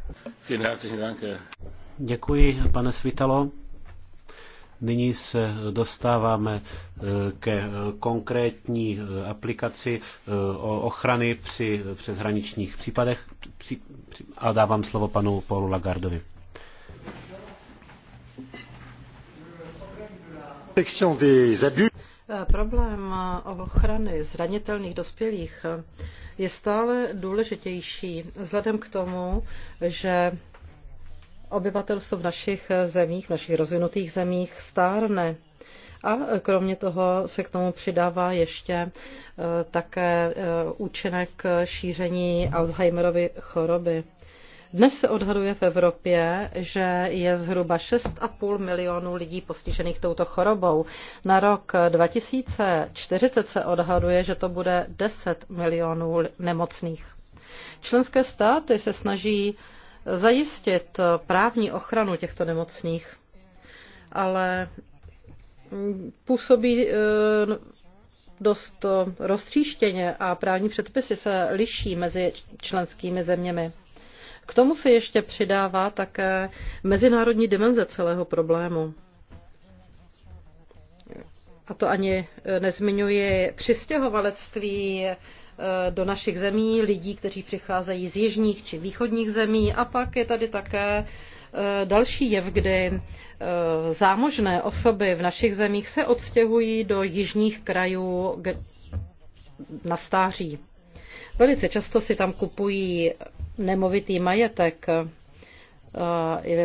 Děkuji, pane Svitalo. Nyní se dostáváme eh, ke eh, konkrétní eh, aplikaci ochrany při přeshraničních případech a dávám slovo panu Paulu Lagardovi. Problém ochrany zranitelných dospělých je stále důležitější vzhledem k tomu, že obyvatelstvo v našich zemích, v našich rozvinutých zemích stárne. A kromě toho se k tomu přidává ještě eh, také eh, účinek šíření Alzheimerovy choroby. Dnes se odhaduje v Evropě, že je zhruba 6,5 milionů lidí postižených touto chorobou. Na rok 2040 se odhaduje, že to bude 10 milionů nemocných. Členské státy se snaží zajistit právní ochranu těchto nemocných, ale působí eh, dost roztříštěně a právní předpisy se liší mezi členskými zeměmi. K tomu se ještě přidává také mezinárodní dimenze celého problému. A to ani nezmiňuji přistěhovalectví Eh, do našich zemí lidí, kteří přicházejí z jižních či východních zemí. A pak je tady také eh, další jev, kdy eh, zámožné osoby v našich zemích se odstěhují do jižních krajů na stáří. Velice často si tam kupují nemovitý majetek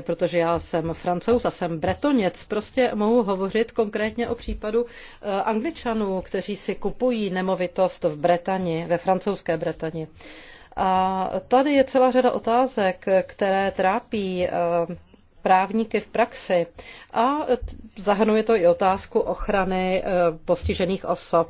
protože já jsem francouz a jsem bretoněc, prostě mohu hovořit konkrétně o případu e, angličanů, kteří si kupují nemovitost v Bretani, ve francouzské Bretani. A tady je celá řada otázek, které trápí e, právníky v praxi a zahrnuje to i otázku ochrany e, postižených osob.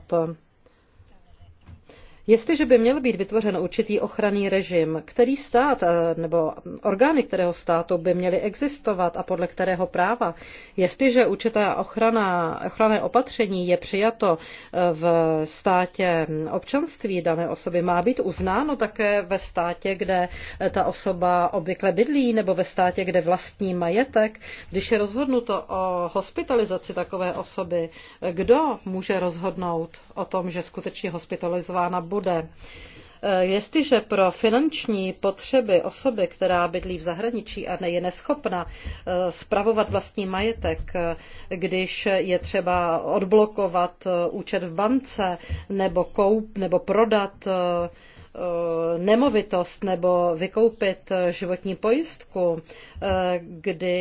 Jestliže by měl být vytvořen určitý ochranný režim, který stát eh, nebo orgány kterého státu by měly existovat a podle kterého práva, jestliže určitá ochrana, ochranné opatření je přijato eh, v státě občanství dané osoby, má být uznáno také ve státě, kde eh, ta osoba obvykle bydlí nebo ve státě, kde vlastní majetek, když je rozhodnuto o hospitalizaci takové osoby, kdo může rozhodnout o tom, že skutečně hospitalizována bude? bude. Eh, jestliže pro finanční potřeby osoby, která bydlí v zahraničí a je neschopna eh, spravovat vlastní majetek, eh, když je třeba odblokovat účet v bance nebo koup nebo prodat Eh, nemovitost nebo vykoupit životní pojistku, eh, kdy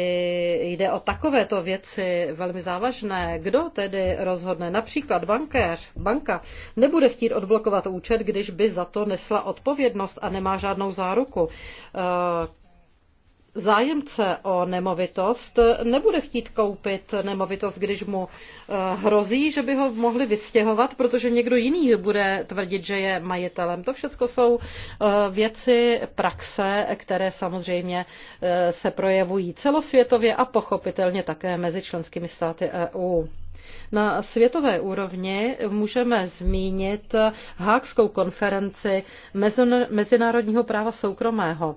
jde o takovéto věci velmi závažné, kdo tedy rozhodne? Například bankéř, banka nebude chtít odblokovat účet, když by za to nesla odpovědnost a nemá žádnou záruku. Eh, zájemce o nemovitost nebude chtít koupit nemovitost, když mu eh, hrozí, že by ho mohli vystěhovat, protože někdo jiný bude tvrdit, že je majitelem. To všechno jsou eh, věci praxe, které samozřejmě eh, se projevují celosvětově a pochopitelně také mezi členskými státy EU. Na světové úrovni můžeme zmínit Hákskou konferenci mezinárodního práva soukromého.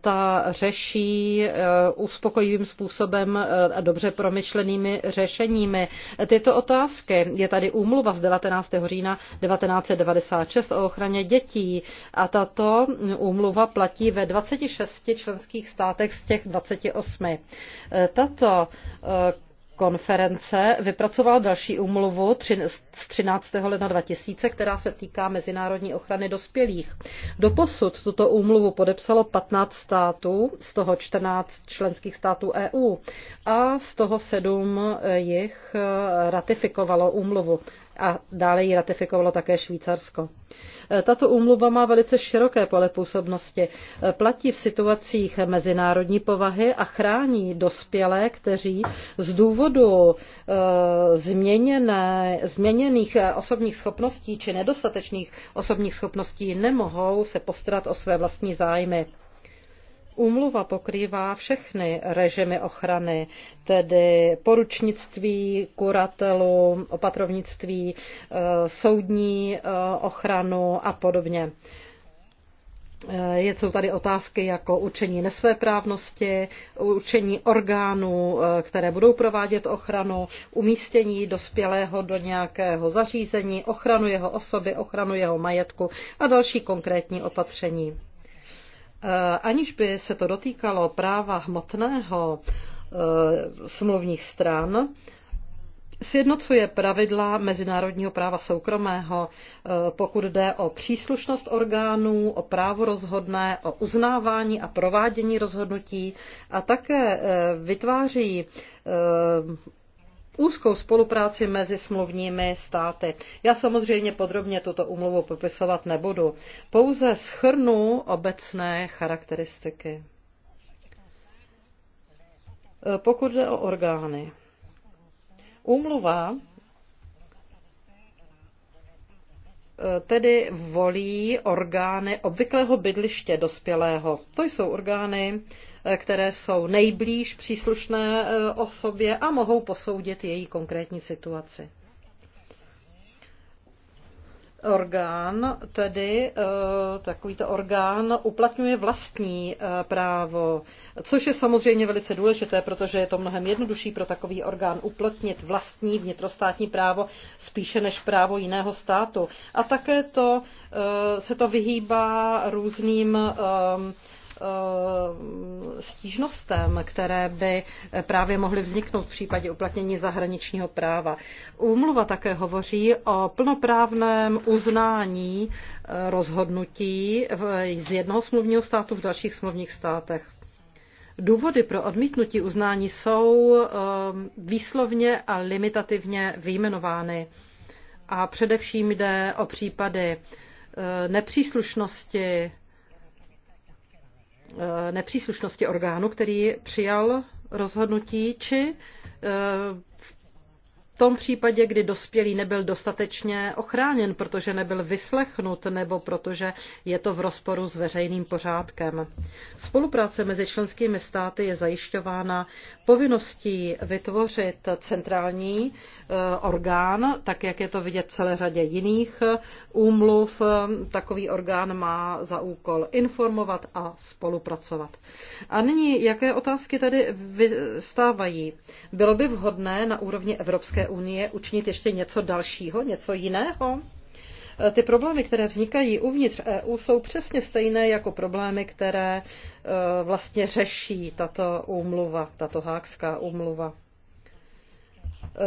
Ta řeší eh, uspokojivým způsobem eh, a dobře promyšlenými řešeními tyto otázky. Je tady úmluva z 19. října 1996 o ochraně dětí a tato úmluva platí ve 26 členských státech z těch 28. Eh, tato konference vypracoval další úmluvu z 13. ledna 2000, která se týká mezinárodní ochrany dospělých. Doposud tuto úmluvu podepsalo 15 států, z toho 14 členských států EU a z toho 7 jich ratifikovalo úmluvu a dále ji ratifikovalo také Švýcarsko. E, tato úmluva má velice široké pole působnosti. E, platí v situacích mezinárodní povahy a chrání dospělé, kteří z důvodu e, změněné, změněných osobních schopností či nedostatečných osobních schopností nemohou se postarat o své vlastní zájmy. Úmluva pokrývá všechny režimy ochrany, tedy poručnictví, kuratelů, opatrovnictví, eh, soudní eh, ochranu a podobně. Eh, jsou tady otázky jako učení nesvéprávnosti, učení orgánů, které budou provádět ochranu, umístění dospělého do nějakého zařízení, ochranu jeho osoby, ochranu jeho majetku a další konkrétní opatření. Eh, aniž by se to dotýkalo práva hmotného eh, smluvních stran, sjednocuje pravidla mezinárodního práva soukromého, eh, pokud jde o příslušnost orgánů, o právo rozhodné, o uznávání a provádění rozhodnutí a také vytváří úzkou spolupráci mezi smluvními státy. Já samozřejmě podrobně tuto umluvu popisovat nebudu. Pouze schrnu obecné charakteristiky. E, pokud jde o orgány. Úmluva e, tedy volí orgány obvyklého bydliště dospělého. To jsou orgány které jsou nejblíž příslušné eh, osobě a mohou posoudit její konkrétní situaci. Orgán, tedy eh, takovýto orgán uplatňuje vlastní eh, právo, což je samozřejmě velice důležité, protože je to mnohem jednodušší pro takový orgán uplatnit vlastní vnitrostátní právo spíše než právo jiného státu. A také to, se to vyhýbá různým Eh, stížnostem, které by právě mohly vzniknout v případě uplatnění zahraničního práva. Úmluva také hovoří o plnoprávném uznání eh, rozhodnutí z jednoho smluvního státu v dalších smluvních státech. Důvody pro odmítnutí uznání jsou eh, výslovně a limitativně vyjmenovány. A především jde o případy nepříslušnosti Eh, nepříslušnosti orgánu, který přijal rozhodnutí, či eh, v tom případě, kdy dospělý nebyl dostatečně ochráněn, protože nebyl vyslechnut nebo protože je to v rozporu s veřejným pořádkem. Spolupráce mezi členskými státy je zajišťována povinností vytvořit centrální eh, orgán, tak jak je to vidět v celé řadě jiných eh, úmluv. Takový orgán má za úkol informovat a spolupracovat. A nyní, jaké otázky tady vystávají? Bylo by vhodné na úrovni Evropské Evropské unie učinit ještě něco dalšího, něco jiného? E, ty problémy, které vznikají uvnitř EU, jsou přesně stejné jako problémy, které e, vlastně řeší tato úmluva, tato hákská úmluva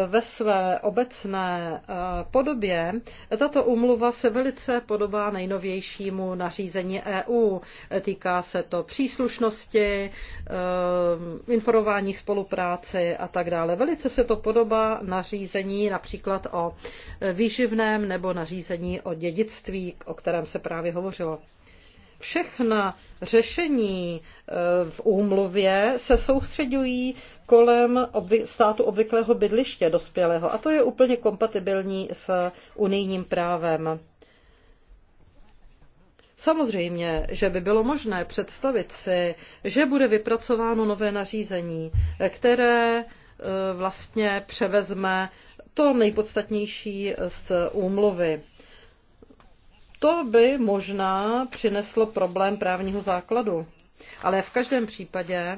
ve své obecné eh, podobě tato úmluva se velice podobá nejnovějšímu nařízení EU. Týká se to příslušnosti, eh, informování spolupráci a tak dále. Velice se to podobá nařízení například o výživném nebo nařízení o dědictví, o kterém se právě hovořilo. Všechna řešení eh, v úmluvě se soustředují kolem státu obvyklého bydliště dospělého a to je úplně kompatibilní s unijním právem. Samozřejmě, že by bylo možné představit si, že bude vypracováno nové nařízení, které eh, vlastně převezme to nejpodstatnější z úmluvy to by možná přineslo problém právního základu. Ale v každém případě,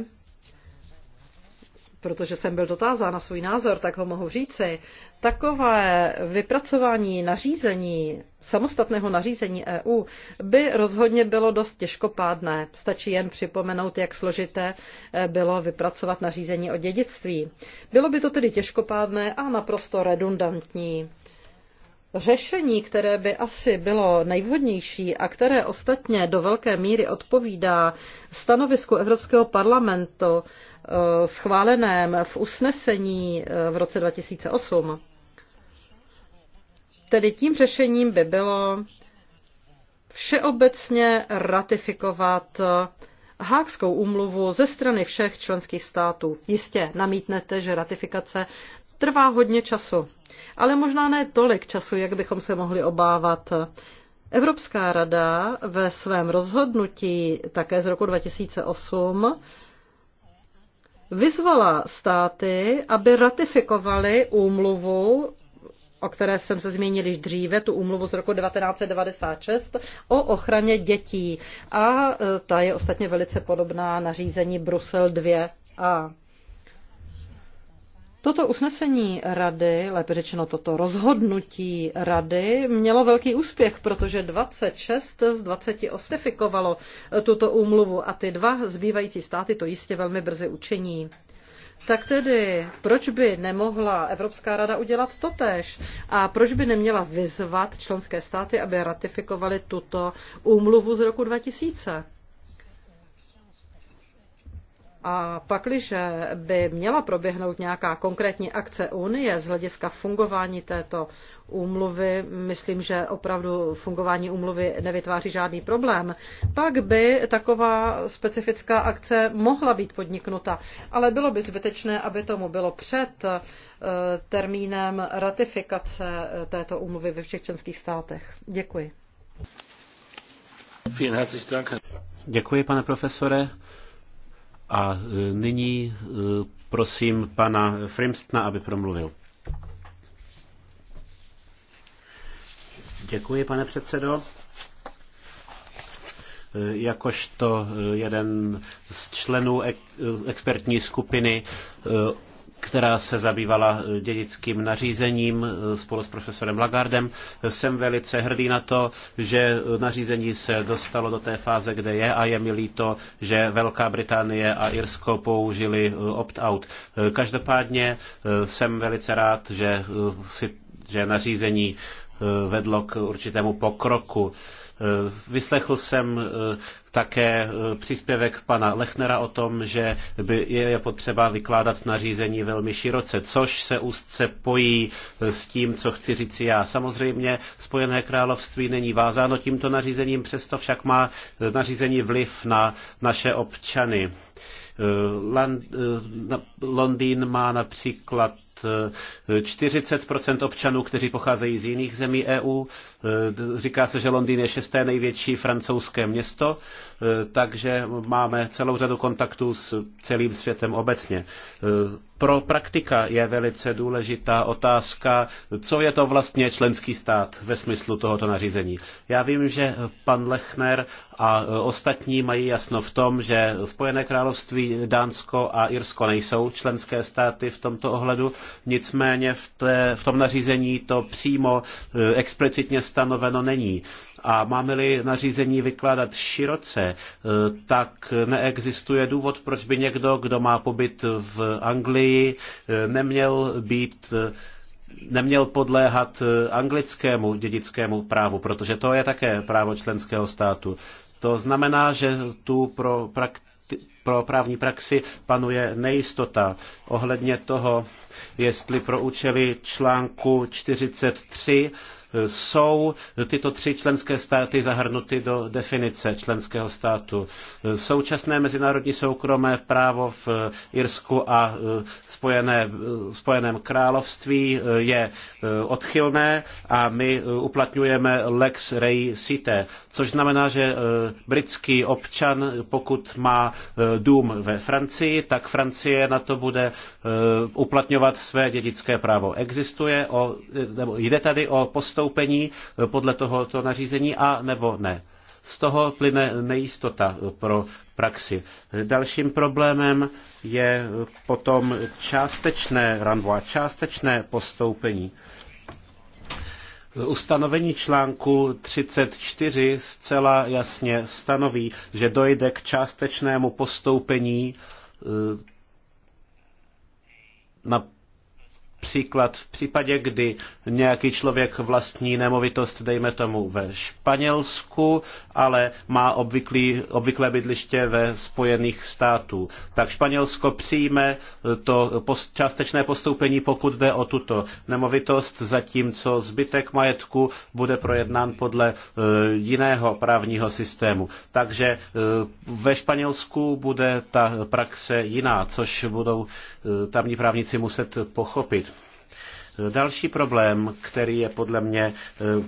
protože jsem byl dotázán na svůj názor, tak ho mohu říci, takové vypracování nařízení, samostatného nařízení EU, by rozhodně bylo dost těžkopádné. Stačí jen připomenout, jak složité eh, bylo vypracovat nařízení o dědictví. Bylo by to tedy těžkopádné a naprosto redundantní. Řešení, které by asi bylo nejvhodnější a které ostatně do velké míry odpovídá stanovisku Evropského parlamentu eh, schváleném v usnesení eh, v roce 2008, tedy tím řešením by bylo všeobecně ratifikovat eh, Hákskou úmluvu ze strany všech členských států. Jistě namítnete, že ratifikace trvá hodně času, ale možná ne tolik času, jak bychom se mohli obávat. Evropská rada ve svém rozhodnutí také z roku 2008 vyzvala státy, aby ratifikovali úmluvu, o které jsem se zmínil již dříve, tu úmluvu z roku 1996 o ochraně dětí. A e, ta je ostatně velice podobná nařízení Brusel 2a. Toto usnesení rady, lépe řečeno toto rozhodnutí rady, mělo velký úspěch, protože 26 z 20 ostefikovalo eh, tuto úmluvu a ty dva zbývající státy to jistě velmi brzy učiní. Tak tedy, proč by nemohla Evropská rada udělat totéž? A proč by neměla vyzvat členské státy, aby ratifikovali tuto úmluvu z roku 2000? A pakliže by měla proběhnout nějaká konkrétní akce Unie z hlediska fungování této úmluvy, myslím, že opravdu fungování úmluvy nevytváří žádný problém, pak by taková specifická akce mohla být podniknuta. Ale bylo by zbytečné, aby tomu bylo před eh, termínem ratifikace eh, této úmluvy ve všech členských státech. Děkuji. Děkuji, pane profesore. A e, nyní e, prosím pana Frimstna, aby promluvil. Děkuji, pane předsedo e, jakožto jeden z členů expertní skupiny která se zabývala eh, dědickým nařízením eh, spolu s profesorem Lagardem. Jsem velice hrdý na to, že eh, nařízení se dostalo do té fáze, kde je a je mi líto, že Velká Británie a Irsko použili opt-out. Každopádně jsem velice rád, že si že nařízení Eh, vedlo k určitému pokroku. Eh, vyslechl jsem eh, také příspěvek pana Lechnera o tom, že by je potřeba vykládat nařízení velmi široce, což se úzce pojí s tím, co chci říci já. Samozřejmě Spojené království není vázáno tímto nařízením, přesto však má nařízení vliv na naše občany. Londýn má například 40 občanů, kteří pocházejí z jiných zemí EU, Eh, říká se, že Londýn je šesté největší francouzské město, eh, takže máme celou řadu kontaktů s celým světem obecně. Eh, pro praktika je velice důležitá otázka, co je to vlastně členský stát ve smyslu tohoto nařízení. Já vím, že pan Lechner a ostatní mají jasno v tom, že Spojené království, Dánsko a Irsko nejsou členské státy v tomto ohledu, nicméně v, té, v tom nařízení to přímo explicitně stanoveno není. A máme-li nařízení vykládat široce, eh, tak neexistuje důvod, proč by někdo, kdo má pobyt v Anglii, eh, neměl být eh, neměl podléhat anglickému dědickému právu, protože to je také právo členského státu. To znamená, že tu pro, prakti- pro právní praxi panuje nejistota ohledně toho, jestli pro účely článku 43 jsou tyto tři členské státy zahrnuty do definice členského státu. Současné mezinárodní soukromé právo v Irsku a e, spojené, e, Spojeném království e, je odchylné a my uplatňujeme lex rei site, což znamená, že britský občan, pokud má dům ve Francii, tak Francie na to bude uplatňovat své dědické právo. Existuje, o, jde tady o postup vystoupení eh, podle tohoto nařízení a nebo ne. Z toho plyne nejistota eh, pro praxi. Dalším problémem je eh, potom částečné ranvo částečné postoupení. Ustanovení článku 34 zcela jasně stanoví, že dojde k částečnému postoupení na Příklad v případě, kdy nějaký člověk vlastní nemovitost, dejme tomu ve Španělsku, ale má obvyklý, obvyklé bydliště ve Spojených států. Tak Španělsko přijme to post, částečné postoupení, pokud jde o tuto nemovitost, zatímco zbytek majetku bude projednán podle e, jiného právního systému. Takže e, ve Španělsku bude ta praxe jiná, což budou e, tamní právníci muset pochopit. Další problém, který je podle mě eh,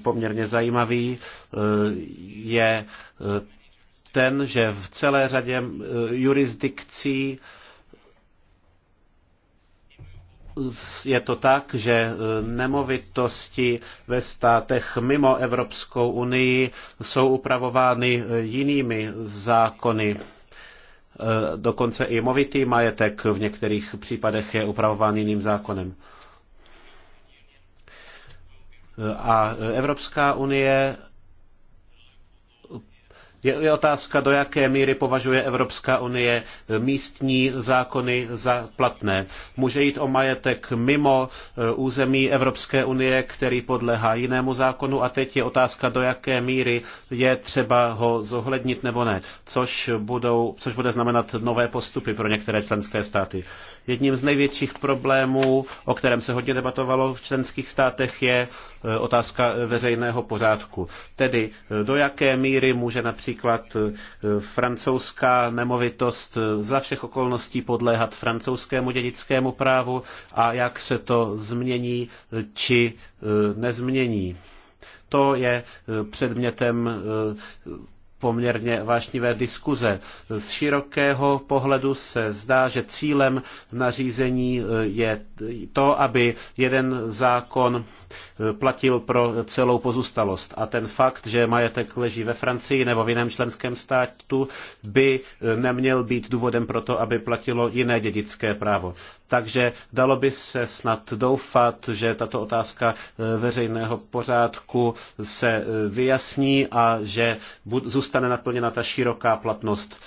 poměrně zajímavý, eh, je eh, ten, že v celé řadě jurisdikcí je to tak, že nemovitosti ve státech mimo Evropskou unii jsou upravovány jinými zákony. Dokonce i movitý majetek v některých případech je upravován jiným zákonem. A Evropská unie je otázka, do jaké míry považuje Evropská unie eh, místní zákony za platné. Může jít o majetek mimo eh, území Evropské unie, který podlehá jinému zákonu a teď je otázka, do jaké míry je třeba ho zohlednit nebo ne, což, budou, což bude znamenat nové postupy pro některé členské státy. Jedním z největších problémů, o kterém se hodně debatovalo v členských státech, je eh, otázka veřejného pořádku. Tedy do jaké míry může například například eh, francouzská nemovitost eh, za všech okolností podléhat francouzskému dědickému právu a jak se to změní eh, či nezmění. To je předmětem poměrně vášnivé diskuze. Z širokého pohledu se zdá, že cílem nařízení e, je to, aby jeden zákon e, platil pro celou pozůstalost. A ten fakt, že majetek leží ve Francii nebo v jiném členském státu, by e, neměl být důvodem pro to, aby platilo jiné dědické právo. Takže dalo by se snad doufat, že tato otázka eh, veřejného pořádku se eh, vyjasní a že zůstane naplněna ta široká platnost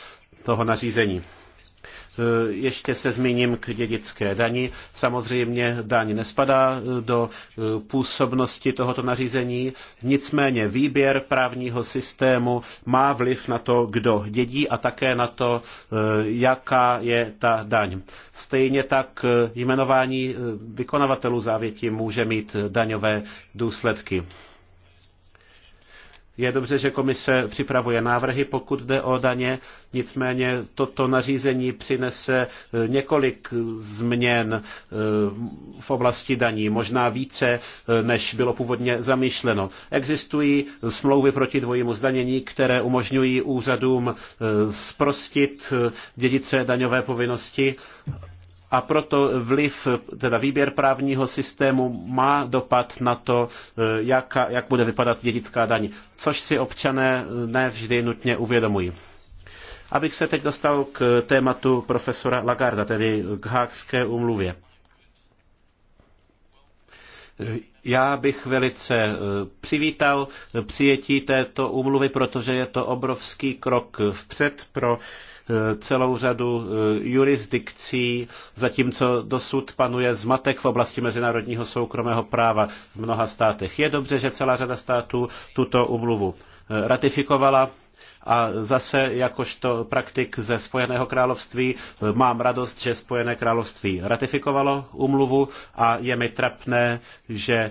toho nařízení. Eh, ještě se zmíním k dědické dani. Samozřejmě daň nespadá eh, do eh, působnosti tohoto nařízení, nicméně výběr právního systému má vliv na to, kdo dědí a také na to, jaká je ta daň. Stejně tak jmenování vykonavatelů závěti může mít daňové důsledky. Je dobře, že komise připravuje návrhy, pokud jde o daně, nicméně toto nařízení přinese eh, několik eh, změn eh, v oblasti daní, možná více, než bylo původně zamýšleno. Existují smlouvy proti dvojímu zdanění, které umožňují úřadům zprostit dědice daňové povinnosti a proto vliv, teda výběr právního systému má dopad na to, eh, jak, jak bude vypadat dědická daň, což si občané eh, nevždy nutně uvědomují. Abych se teď dostal k tématu profesora Lagarda, tedy k Hákské umluvě. Já bych velice eh, přivítal přijetí této úmluvy, protože je to obrovský krok vpřed pro E, celou řadu e, jurisdikcí, zatímco dosud panuje zmatek v oblasti mezinárodního soukromého práva v mnoha státech. Je dobře, že celá řada států tuto umluvu e, ratifikovala, a zase, jakožto praktik ze Spojeného království, mám radost, že Spojené království ratifikovalo umluvu a je mi trapné, že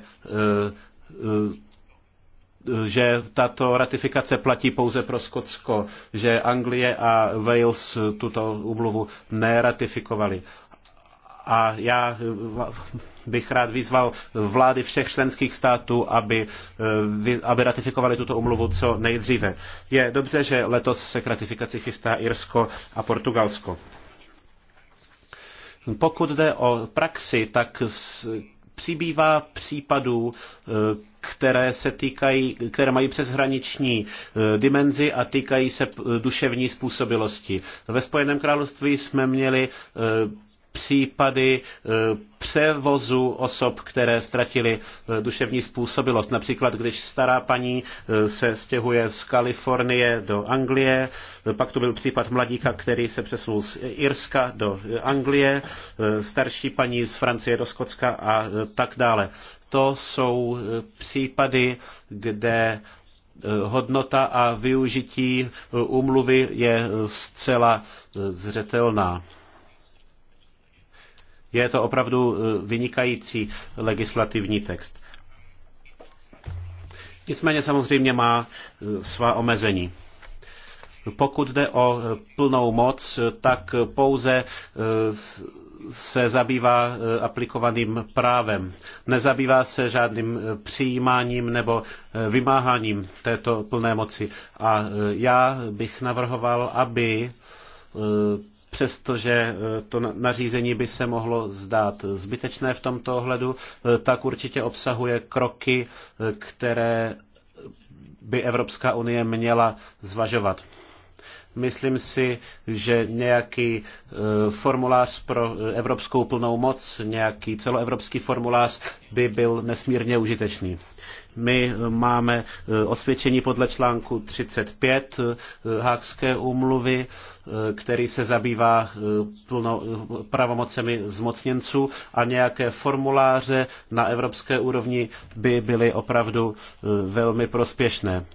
že tato ratifikace platí pouze pro Skotsko, že Anglie a Wales tuto úmluvu neratifikovali. A já bych rád vyzval vlády všech členských států, aby, eh, aby ratifikovali tuto umluvu co nejdříve. Je dobře, že letos se k ratifikaci chystá Irsko a Portugalsko. Pokud jde o praxi, tak přibývá případů, eh, které se týkají, které mají přeshraniční eh, dimenzi a týkají se eh, duševní způsobilosti. Ve Spojeném království jsme měli případy e, převozu osob, které ztratily e, duševní způsobilost. Například, když stará paní e, se stěhuje z Kalifornie do Anglie, pak tu byl případ mladíka, který se přesunul z Irska do Anglie, starší paní z Francie do Skotska a tak dále. To jsou případy, kde hodnota a využití úmluvy je zcela zřetelná. Je to opravdu eh, vynikající legislativní text. Nicméně samozřejmě má eh, svá omezení. Pokud jde o eh, plnou moc, tak pouze se zabývá aplikovaným právem. Nezabývá se žádným přijímáním nebo vymáháním této plné moci. A já bych navrhoval, aby přestože eh, to nařízení by se mohlo zdát zbytečné v tomto ohledu, eh, tak určitě obsahuje kroky, eh, které by Evropská unie měla zvažovat. Myslím si, že nějaký e, formulář pro evropskou plnou moc, nějaký celoevropský formulář by byl nesmírně užitečný. My e, máme e, osvědčení podle článku 35 Hákské úmluvy, který se zabývá plno, pravomocemi zmocněnců a nějaké formuláře na evropské úrovni by byly opravdu velmi prospěšné.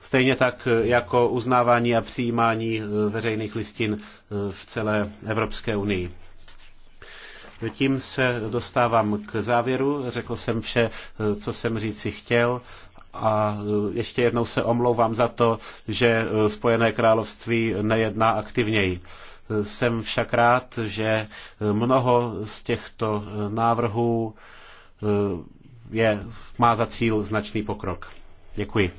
Stejně tak eh, jako uznávání a přijímání eh, veřejných listin eh, v celé Evropské unii. Tím se dostávám k závěru. Řekl jsem vše, co jsem říci chtěl. A ještě jednou se omlouvám za to, že Spojené království nejedná aktivněji. Jsem však rád, že mnoho z těchto návrhů je, má za cíl značný pokrok. Děkuji.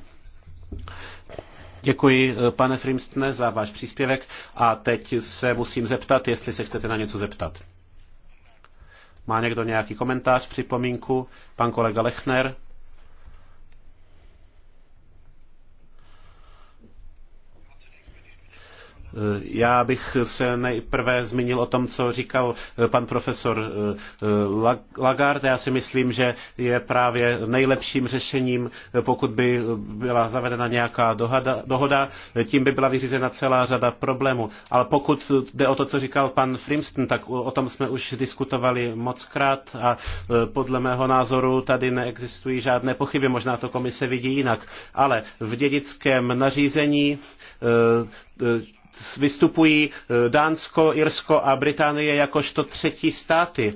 Děkuji, eh, pane Frimstne, za váš příspěvek a teď se musím zeptat, jestli se chcete na něco zeptat. Má někdo nějaký komentář, připomínku? Pan kolega Lechner? Já bych se nejprve zmínil o tom, co říkal eh, pan profesor eh, Lagarde. Já si myslím, že je právě nejlepším řešením, eh, pokud by byla zavedena nějaká dohoda, dohoda tím by byla vyřízena celá řada problémů. Ale pokud jde o to, co říkal pan Frimston, tak o tom jsme už diskutovali mockrát a podle mého názoru tady neexistují žádné pochyby, možná to komise vidí jinak. Ale v dědickém nařízení vystupují eh, Dánsko, Irsko a Británie jakožto třetí státy.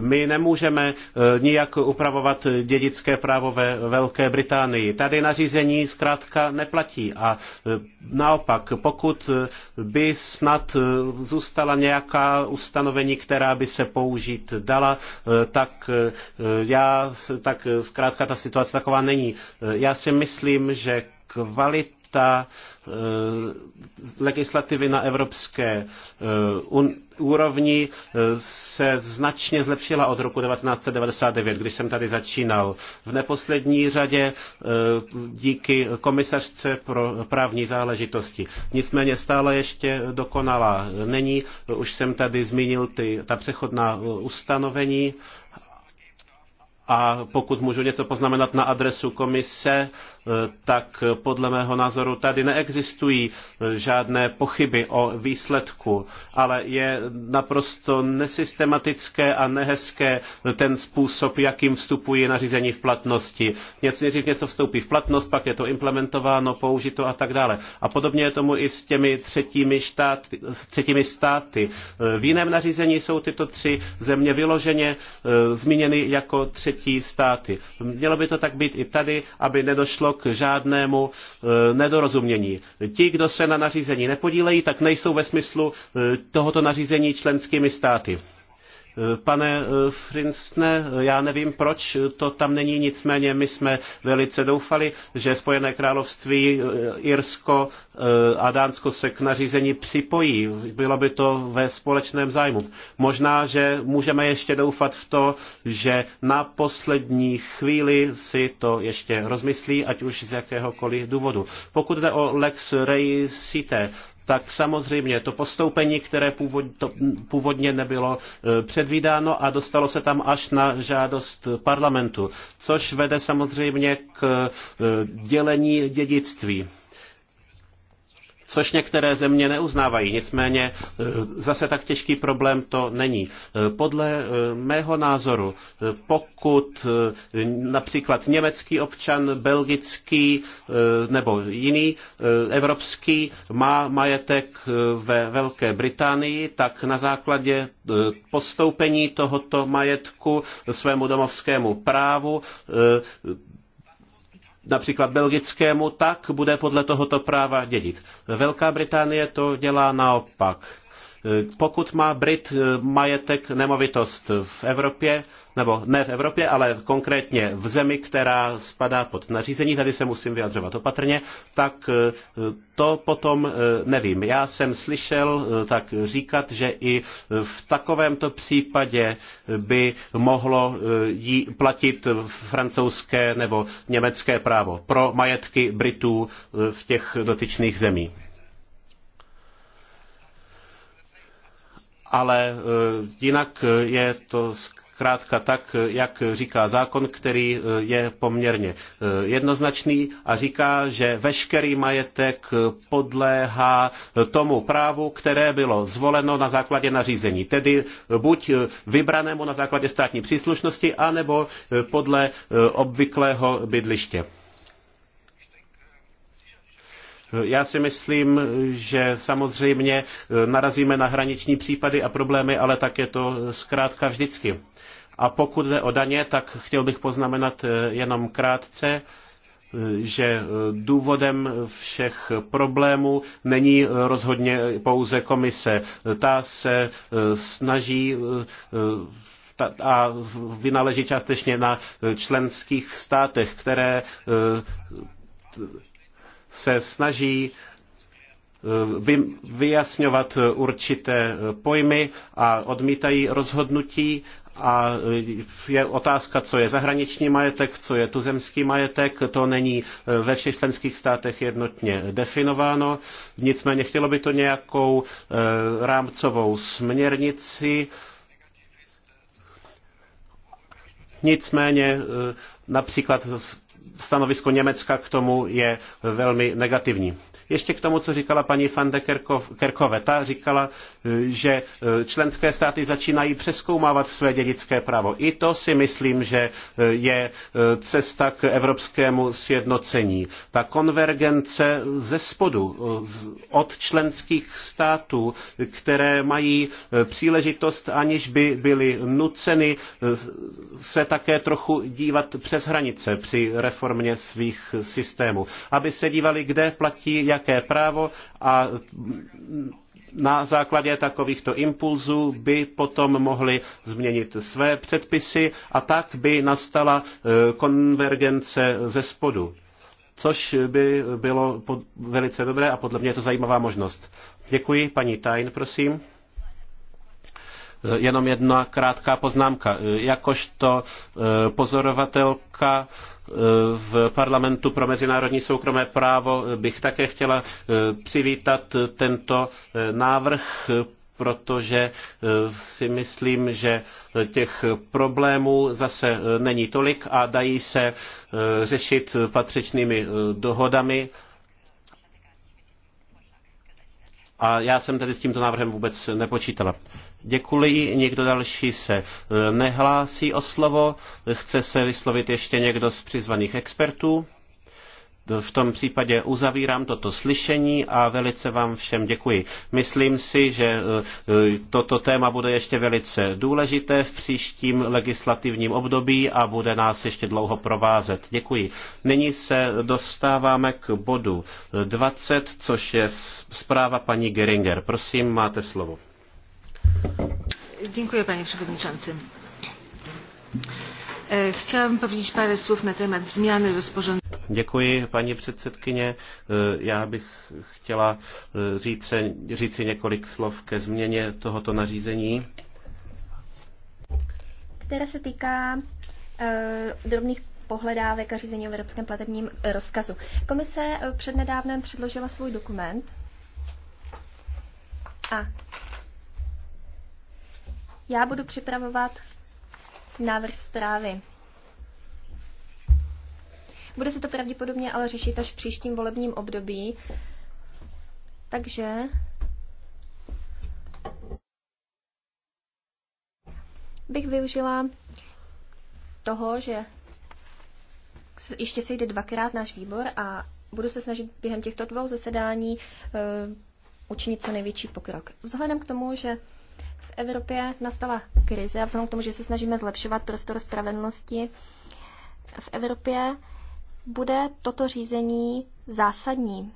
My nemůžeme eh, nijak upravovat dědické právo ve Velké Británii. Tady nařízení zkrátka neplatí a eh, naopak, pokud by snad zůstala nějaká ustanovení, která by se použít dala, tak já, tak zkrátka ta situace taková není. Já si myslím, že kvalita místa eh, legislativy na evropské eh, úrovni eh, se značně zlepšila od roku 1999, když jsem tady začínal. V neposlední řadě díky komisařce pro právní záležitosti. Nicméně stále ještě dokonalá není. Už jsem tady zmínil ty, ta přechodná ustanovení a pokud můžu něco poznamenat na adresu komise, eh, tak podle mého názoru tady neexistují eh, žádné pochyby o výsledku, ale je naprosto nesystematické a nehezké ten způsob, jakým vstupují nařízení v platnosti. Něco, nejdřív něco vstoupí v platnost, pak je to implementováno, použito a tak dále. A podobně je tomu i s těmi třetími, štáty, s třetími státy. Eh, v jiném nařízení jsou tyto tři země vyloženě zmíněny jako třetí třetí státy. Mělo by to tak být i tady, aby nedošlo k žádnému e, nedorozumění. Ti, kdo se na nařízení nepodílejí, tak nejsou ve smyslu e, tohoto nařízení členskými státy. Pane eh, Frinsne, já nevím, proč to tam není, nicméně my jsme velice doufali, že Spojené království, eh, Irsko eh, a Dánsko se k nařízení připojí. Bylo by to ve společném zájmu. Možná, že můžeme ještě doufat v to, že na poslední chvíli si to ještě rozmyslí, ať už z jakéhokoliv důvodu. Pokud jde o Lex Rei tak samozřejmě to postoupení, které původ, to původně nebylo e, předvídáno a dostalo se tam až na žádost parlamentu, což vede samozřejmě k e, dělení dědictví což některé země neuznávají. Nicméně e, zase tak těžký problém to není. E, podle e, mého názoru, pokud například německý občan, belgický nebo jiný evropský má majetek ve Velké Británii, tak na základě postoupení tohoto majetku svému domovskému právu například belgickému, tak bude podle tohoto práva dědit. Velká Británie to dělá naopak. Pokud má Brit eh, majetek nemovitost v Evropě, nebo ne v Evropě, ale konkrétně v zemi, která spadá pod nařízení, tady se musím vyjadřovat opatrně, tak e, to potom e, nevím. Já jsem slyšel e, tak říkat, že i v takovémto případě by mohlo jí platit francouzské nebo německé právo pro majetky Britů v těch dotyčných zemí. ale jinak je to zkrátka tak, jak říká zákon, který eh, je poměrně eh, jednoznačný a říká, že veškerý majetek eh, podléhá tomu právu, které bylo zvoleno na základě nařízení. Tedy buď vybranému na základě státní příslušnosti, anebo podle obvyklého bydliště. Já si myslím, že samozřejmě eh, narazíme na hraniční případy a problémy, ale tak je to zkrátka vždycky. A pokud jde o daně, tak chtěl bych poznamenat eh, jenom krátce, eh, že důvodem všech problémů není rozhodně pouze komise. Ta se snaží a vynaleží částečně na členských státech, které se snaží eh, vyjasňovat určité eh, pojmy a odmítají rozhodnutí a eh, je otázka, co je zahraniční majetek, co je tuzemský majetek, to není ve všech členských státech jednotně definováno. Nicméně chtělo by to nějakou rámcovou směrnici. Nicméně například stanovisko Německa k tomu je velmi negativní. Ještě k tomu, co říkala paní van de Kerkove. Ta říkala, e, že e, členské státy začínají přeskoumávat své dědické právo. I to si myslím, že e, je cesta k evropskému sjednocení. Ta konvergence ze spodu, od členských států, které mají příležitost, aniž by byly nuceny se také trochu dívat přes hranice při reformě svých systémů, aby se dívali, kde platí jak nějaké právo a na základě takovýchto impulzů by potom mohli změnit své předpisy a tak by nastala e, konvergence ze spodu což by bylo velice dobré a podle mě je to zajímavá možnost. Děkuji, paní Tajn, prosím. Eh, jenom jedna krátká poznámka. Eh, jakožto eh, pozorovatelka v parlamentu pro mezinárodní soukromé právo bych také chtěla přivítat tento návrh protože si myslím, že těch problémů zase není tolik a dají se řešit patřičnými dohodami. A já jsem tedy s tímto návrhem vůbec nepočítala. Děkuji, někdo další se eh, nehlásí o slovo. Chce se vyslovit ještě někdo z přizvaných expertů? V tom případě uzavírám toto slyšení a velice vám všem děkuji. Myslím si, že eh, eh, toto téma bude ještě velice důležité v příštím legislativním období a bude nás ještě dlouho provázet. Děkuji. Nyní se dostáváme k bodu 20, což je zpráva paní Geringer. Prosím, máte slovo. Děkuji, pane předsedající. Chciałam powiedzieć parę słów na temat zmiany rozporządzenia. Děkuji, paní předsedkyně. E, já bych chtěla e, říct, říci několik slov ke změně tohoto nařízení. Která se týká uh, drobných pohledávek a řízení o evropském platebním rozkazu. Komise přednedávnem předložila svůj dokument a já budu připravovat návrh zprávy. Bude se to pravděpodobně ale řešit až v příštím volebním období. Takže bych využila toho, že ještě se jde dvakrát náš výbor a budu se snažit během těchto dvou zasedání e, učinit co největší pokrok. Vzhledem k tomu, že Evropě nastala krize a vzhledem k tomu, že se snažíme zlepšovat prostor spravedlnosti v Evropě, bude toto řízení zásadní.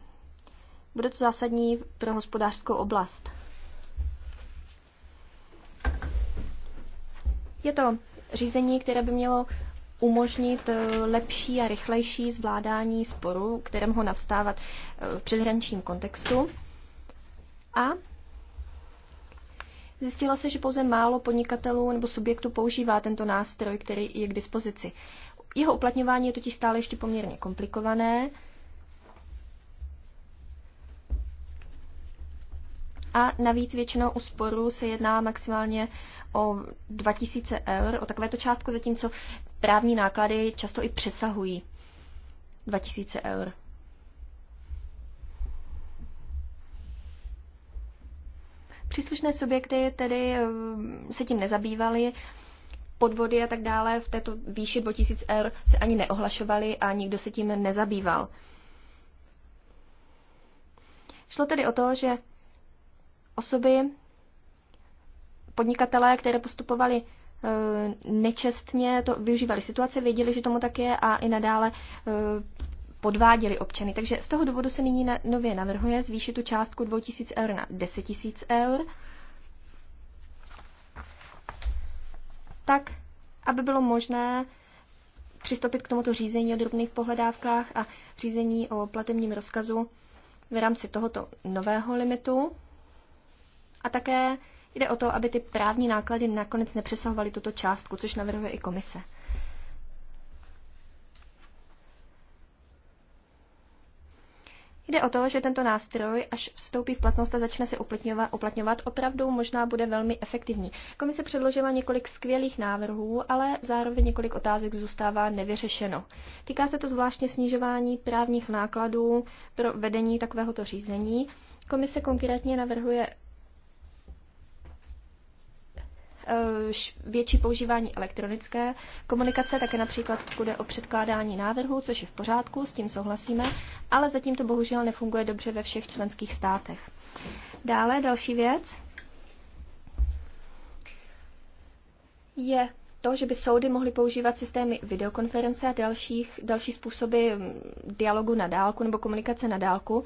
Bude to zásadní pro hospodářskou oblast. Je to řízení, které by mělo umožnit eh, lepší a rychlejší zvládání sporu, které mohou navstávat eh, v přeshraničním kontextu. A Zjistilo se, že pouze málo podnikatelů nebo subjektů používá tento nástroj, který je k dispozici. Jeho uplatňování je totiž stále ještě poměrně komplikované. A navíc většinou u sporu se jedná maximálně o 2000 eur, o takovéto částku, zatímco právní náklady často i přesahují 2000 eur. Příslušné subjekty tedy eh, se tím nezabývaly, podvody a tak dále v této výši 2000 r se ani neohlašovaly a nikdo se tím nezabýval. Šlo tedy o to, že osoby, podnikatelé, které postupovali eh, nečestně, to využívali situace, věděli, že tomu tak je a i nadále eh, podváděli občany. Takže z toho důvodu se nyní na, nově navrhuje zvýšit tu částku 2000 eur na 10 000 eur, tak, aby bylo možné přistoupit k tomuto řízení o drobných pohledávkách a řízení o platebním rozkazu v rámci tohoto nového limitu. A také jde o to, aby ty právní náklady nakonec nepřesahovaly tuto částku, což navrhuje i komise. Jde o to, že tento nástroj, až vstoupí v platnost a začne se uplatňovat, uplatňovat, opravdu možná bude velmi efektivní. Komise předložila několik skvělých návrhů, ale zároveň několik otázek zůstává nevyřešeno. Týká se to zvláštně snižování právních nákladů pro vedení takovéhoto řízení. Komise konkrétně navrhuje Eh, větší používání elektronické komunikace, také například pokud jde o předkládání návrhů, což je v pořádku, s tím souhlasíme, ale zatím to bohužel nefunguje dobře ve všech členských státech. Dále další věc je to, že by soudy mohly používat systémy videokonference a dalších, další způsoby hm, dialogu na dálku nebo komunikace na dálku,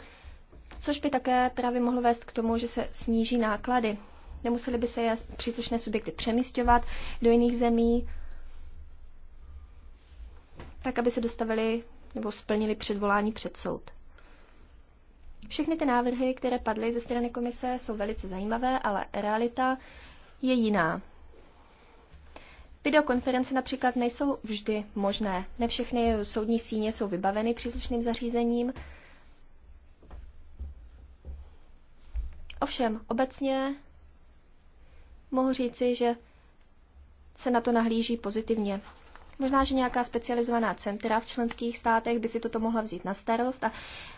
což by také právě mohlo vést k tomu, že se sníží náklady Nemuseli by se příslušné subjekty přemysťovat do jiných zemí, tak aby se dostavili nebo splnili předvolání před soud. Všechny ty návrhy, které padly ze strany komise, jsou velice zajímavé, ale realita je jiná. Videokonference například nejsou vždy možné. Ne všechny soudní síně jsou vybaveny příslušným zařízením. Ovšem, obecně mohu říci, že se na to nahlíží pozitivně. Možná, že nějaká specializovaná centra v členských státech by si toto mohla vzít na starost a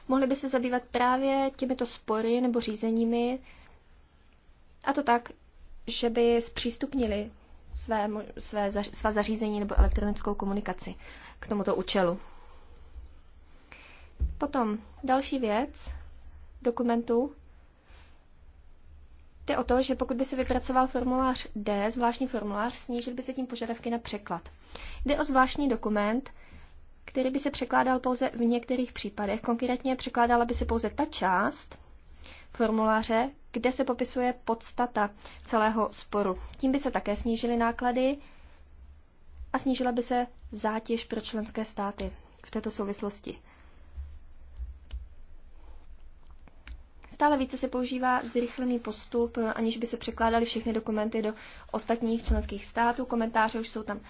mohly by se zabývat právě těmito spory nebo řízeními, a to tak, že by zpřístupnili své, své, svá zařízení nebo elektronickou komunikaci k tomuto účelu. Potom další věc dokumentu Jde o to, že pokud by se vypracoval formulář D, zvláštní formulář, snížil by se tím požadavky na překlad. Jde o zvláštní dokument, který by se překládal pouze v některých případech. Konkrétně překládala by se pouze ta část formuláře, kde se popisuje podstata celého sporu. Tím by se také snížily náklady a snížila by se zátěž pro členské státy v této souvislosti. Stále více se používá zrychlený postup, aniž by se překládaly všechny dokumenty do ostatních členských států. Komentáře už jsou tam,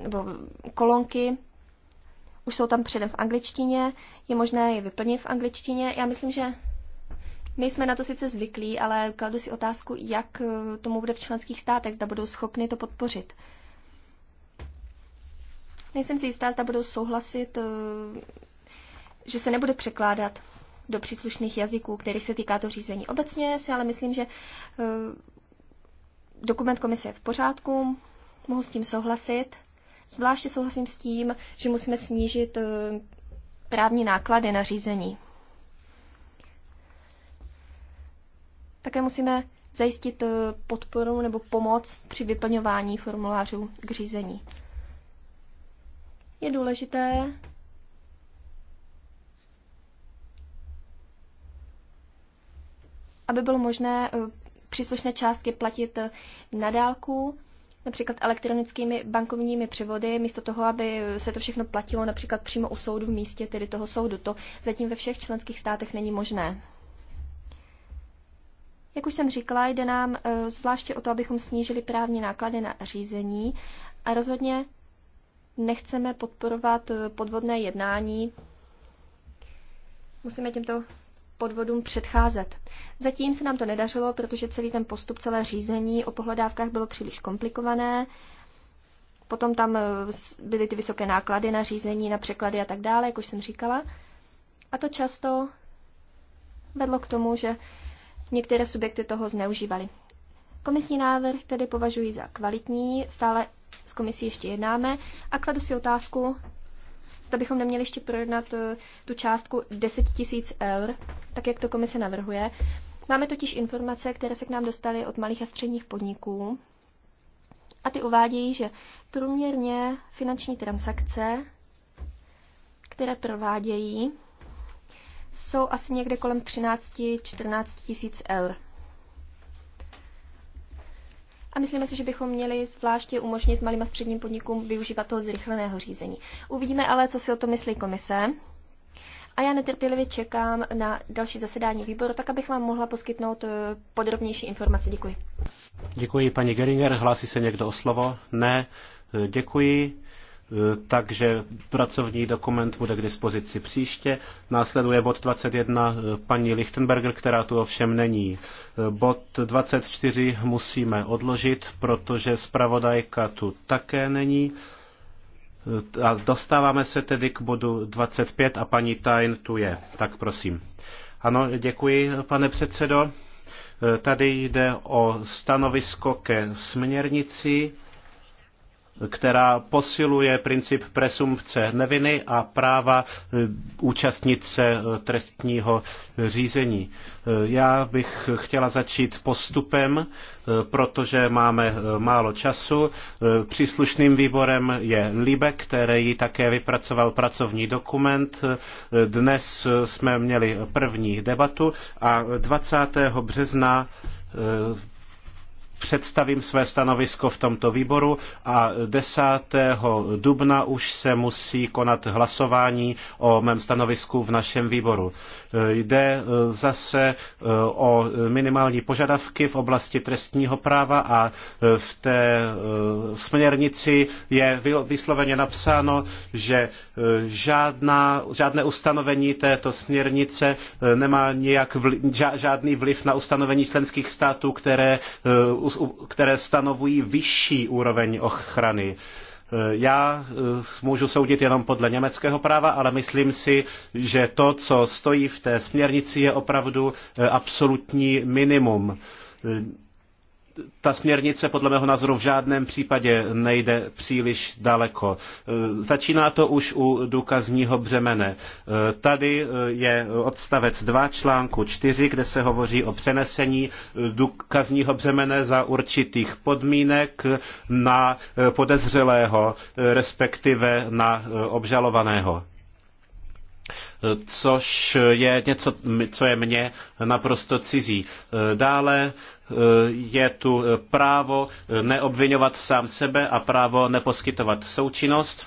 nebo kolonky, už jsou tam předem v angličtině, je možné je vyplnit v angličtině. Já myslím, že my jsme na to sice zvyklí, ale kladu si otázku, jak tomu bude v členských státech, zda budou schopni to podpořit. Nejsem si jistá, zda budou souhlasit, eh, že se nebude překládat do příslušných jazyků, kterých se týká to řízení. Obecně si ale myslím, že eh, dokument komise je v pořádku, mohu s tím souhlasit. Zvláště souhlasím s tím, že musíme snížit eh, právní náklady na řízení. Také musíme zajistit eh, podporu nebo pomoc při vyplňování formulářů k řízení. Je důležité aby bylo možné eh, příslušné částky platit eh, na dálku, například elektronickými bankovními převody, místo toho, aby eh, se to všechno platilo například přímo u soudu v místě, tedy toho soudu. To zatím ve všech členských státech není možné. Jak už jsem říkala, jde nám zvláště o to, abychom snížili právní náklady na řízení a rozhodně nechceme podporovat podvodné jednání. Musíme těmto podvodům předcházet. Zatím se nám to nedařilo, protože celý ten postup, celé řízení o pohledávkách bylo příliš komplikované. Potom tam eh, byly ty vysoké náklady na řízení, na překlady a tak dále, jak už jsem říkala. A to často vedlo k tomu, že některé subjekty toho zneužívaly. Komisní návrh tedy považuji za kvalitní, stále s komisí ještě jednáme a kladu si otázku, zda bychom neměli ještě projednat eh, tu částku 10 tisíc eur, tak jak to komise navrhuje. Máme totiž informace, které se k nám dostaly od malých a středních podniků a ty uvádějí, že průměrně finanční transakce, které provádějí, jsou asi někde kolem 13-14 tisíc eur a myslíme si, že bychom měli zvláště umožnit malým a středním podnikům využívat toho zrychleného řízení. Uvidíme ale, co si o to myslí komise. A já netrpělivě čekám na další zasedání výboru, tak abych vám mohla poskytnout eh, podrobnější informace. Děkuji. Děkuji, paní Geringer. Hlásí se někdo o slovo? Ne. Eh, děkuji. Eh, takže pracovní dokument bude k dispozici příště. Následuje bod 21 eh, paní Lichtenberger, která tu ovšem není. Eh, bod 24 musíme odložit, protože zpravodajka tu také není. A dostáváme se tedy k bodu 25 a paní Tain tu je. Tak prosím. Ano, děkuji, pane předsedo. Tady jde o stanovisko ke směrnici která posiluje princip presumpce neviny a práva eh, účastnit se eh, trestního eh, řízení. Já bych chtěla začít postupem, protože máme málo času. Příslušným výborem je Libe, který také vypracoval pracovní dokument. Dnes jsme měli první debatu a 20. března představím své stanovisko v tomto výboru a 10. dubna už se musí konat hlasování o mém stanovisku v našem výboru. Jde e, zase e, o minimální požadavky v oblasti trestního práva a e, v té směrnici je vysloveně napsáno, že žádná, žádné ustanovení této směrnice nemá nějak vliv, žádný vliv na ustanovení členských států, které které stanovují vyšší úroveň ochrany. E, já e, můžu soudit jenom podle německého práva, ale myslím si, že to, co stojí v té směrnici, je opravdu e, absolutní minimum ta směrnice podle mého názoru v žádném případě nejde příliš daleko. E, začíná to už u důkazního břemene. E, tady e, je odstavec 2 článku 4, kde se hovoří o přenesení důkazního břemene za určitých podmínek na podezřelého, respektive na obžalovaného což je něco, co je mně naprosto cizí. Dále eh, je tu právo neobvinovat sám sebe a právo neposkytovat součinnost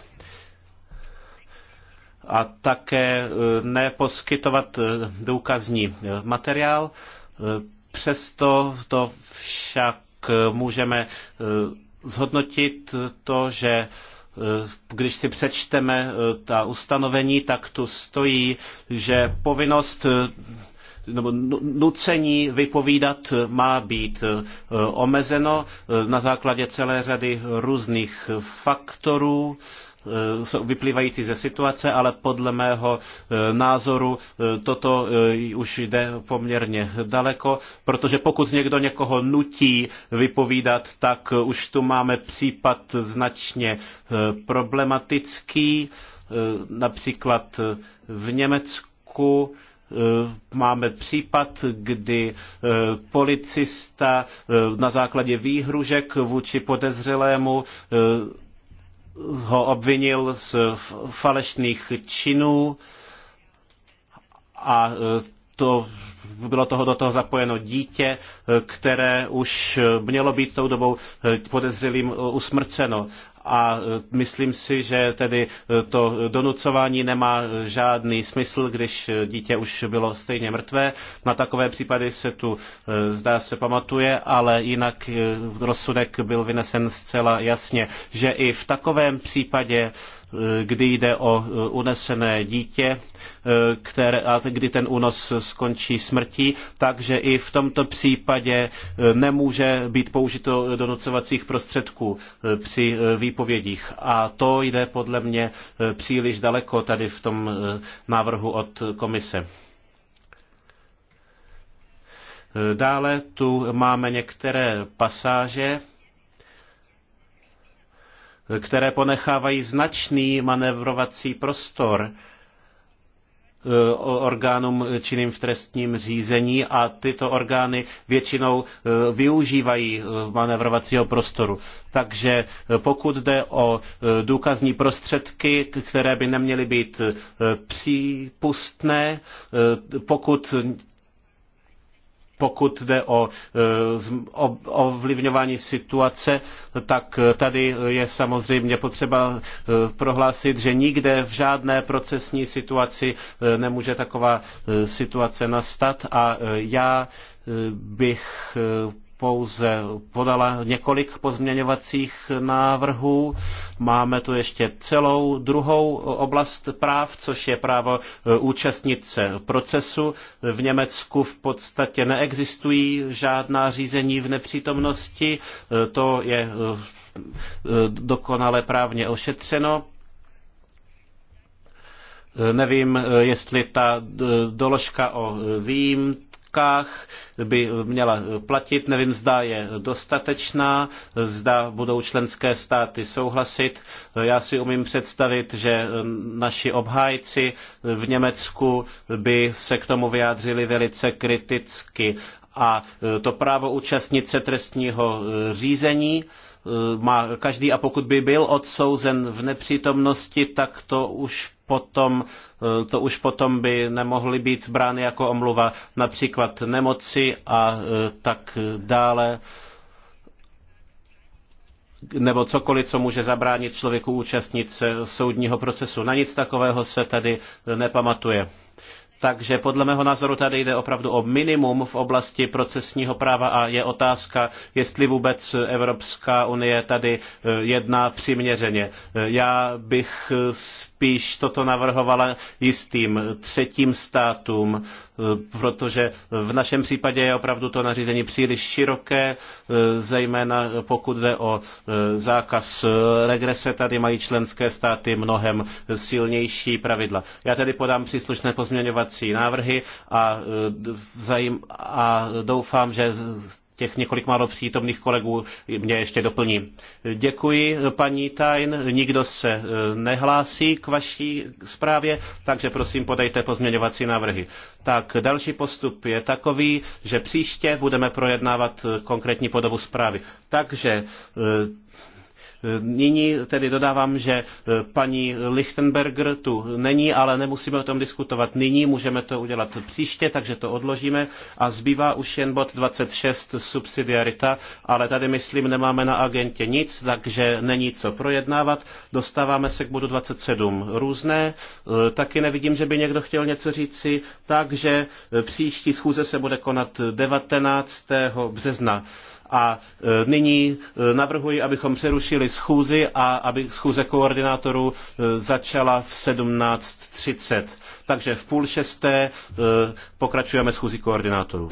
a také eh, neposkytovat eh, důkazní materiál. Přesto to však můžeme zhodnotit to, že Eh, když si přečteme eh, ta ustanovení, tak tu stojí, že povinnost eh, nebo nucení vypovídat má být omezeno na základě celé řady různých faktorů Eh, vyplývající ze situace, ale podle mého eh, názoru eh, toto už jde poměrně daleko, protože pokud někdo někoho nutí vypovídat, tak už tu máme případ značně problematický, například v Německu máme případ, kdy policista na základě výhružek vůči podezřelému ho obvinil z falešných činů a e, to bylo toho do toho zapojeno dítě, e, které už mělo být tou dobou e, podezřelým usmrceno a e, myslím si, že tedy e, to donucování nemá žádný smysl, když e, dítě už bylo stejně mrtvé. Na takové případy se tu zdá se pamatuje, ale jinak rozsudek byl vynesen zcela jasně, že i v takovém případě kdy jde o e, unesené dítě, e, které, a kdy ten únos skončí smrtí, takže i v tomto případě e, nemůže být použito donocovacích prostředků při výpovědích. A to jde podle mě příliš daleko tady v tom návrhu od komise. Dále tu máme některé pasáže, které ponechávají značný manevrovací prostor eh, orgánům činným v trestním řízení a tyto orgány většinou eh, využívají eh, manevrovacího prostoru. Takže pokud jde o důkazní prostředky, které by neměly být přípustné, pokud pokud jde o e, ovlivňování situace, tak tady je samozřejmě potřeba e, prohlásit, že nikde v žádné procesní situaci e, nemůže taková situace nastat a já bych pouze podala několik pozměňovacích návrhů. Máme tu ještě celou druhou oblast práv, což je právo e, účastnit se procesu. V Německu v podstatě neexistují žádná řízení v nepřítomnosti. E, to je e, dokonale právně ošetřeno. Nevím, jestli ta doložka o výjimce částkách by měla platit. Nevím, zda je dostatečná, zda budou členské státy souhlasit. Já si umím představit, že naši obhájci v Německu by se k tomu vyjádřili velice kriticky. A to právo účastnit se trestního řízení, Eh, má každý a pokud by byl odsouzen v nepřítomnosti, tak to už potom, eh, to už potom by nemohly být brány jako omluva například nemoci a eh, tak dále nebo cokoliv, co může zabránit člověku účastnit se soudního procesu. Na nic takového se tady nepamatuje. Takže podle mého názoru tady jde opravdu o minimum v oblasti procesního práva a je otázka, jestli vůbec Evropská unie tady eh, jedná přiměřeně. Eh, já bych eh, spíš toto navrhovala jistým třetím státům, protože v našem případě je opravdu to nařízení příliš široké, zejména pokud jde o zákaz regrese, tady mají členské státy mnohem silnější pravidla. Já tedy podám příslušné pozměňovací pozměňovací návrhy a, e, zajím, a doufám, že těch několik málo přítomných kolegů mě ještě doplní. Děkuji, paní Tajn. Nikdo se e, nehlásí k vaší zprávě, takže prosím podejte pozměňovací návrhy. Tak další postup je takový, že příště budeme projednávat e, konkrétní podobu zprávy. Takže Nyní tedy dodávám, že e, paní Lichtenberger tu není, ale nemusíme o tom diskutovat nyní, můžeme to udělat příště, takže to odložíme. A zbývá už jen bod 26 subsidiarita, ale tady myslím nemáme na agentě nic, takže není co projednávat. Dostáváme se k bodu 27 různé. E, taky nevidím, že by někdo chtěl něco říci, takže e, příští schůze se bude konat 19. března. A e, nyní e, navrhuji, abychom přerušili schůzi a aby schůze koordinátorů e, začala v 17.30. Takže v půl šesté pokračujeme schůzi koordinátorů.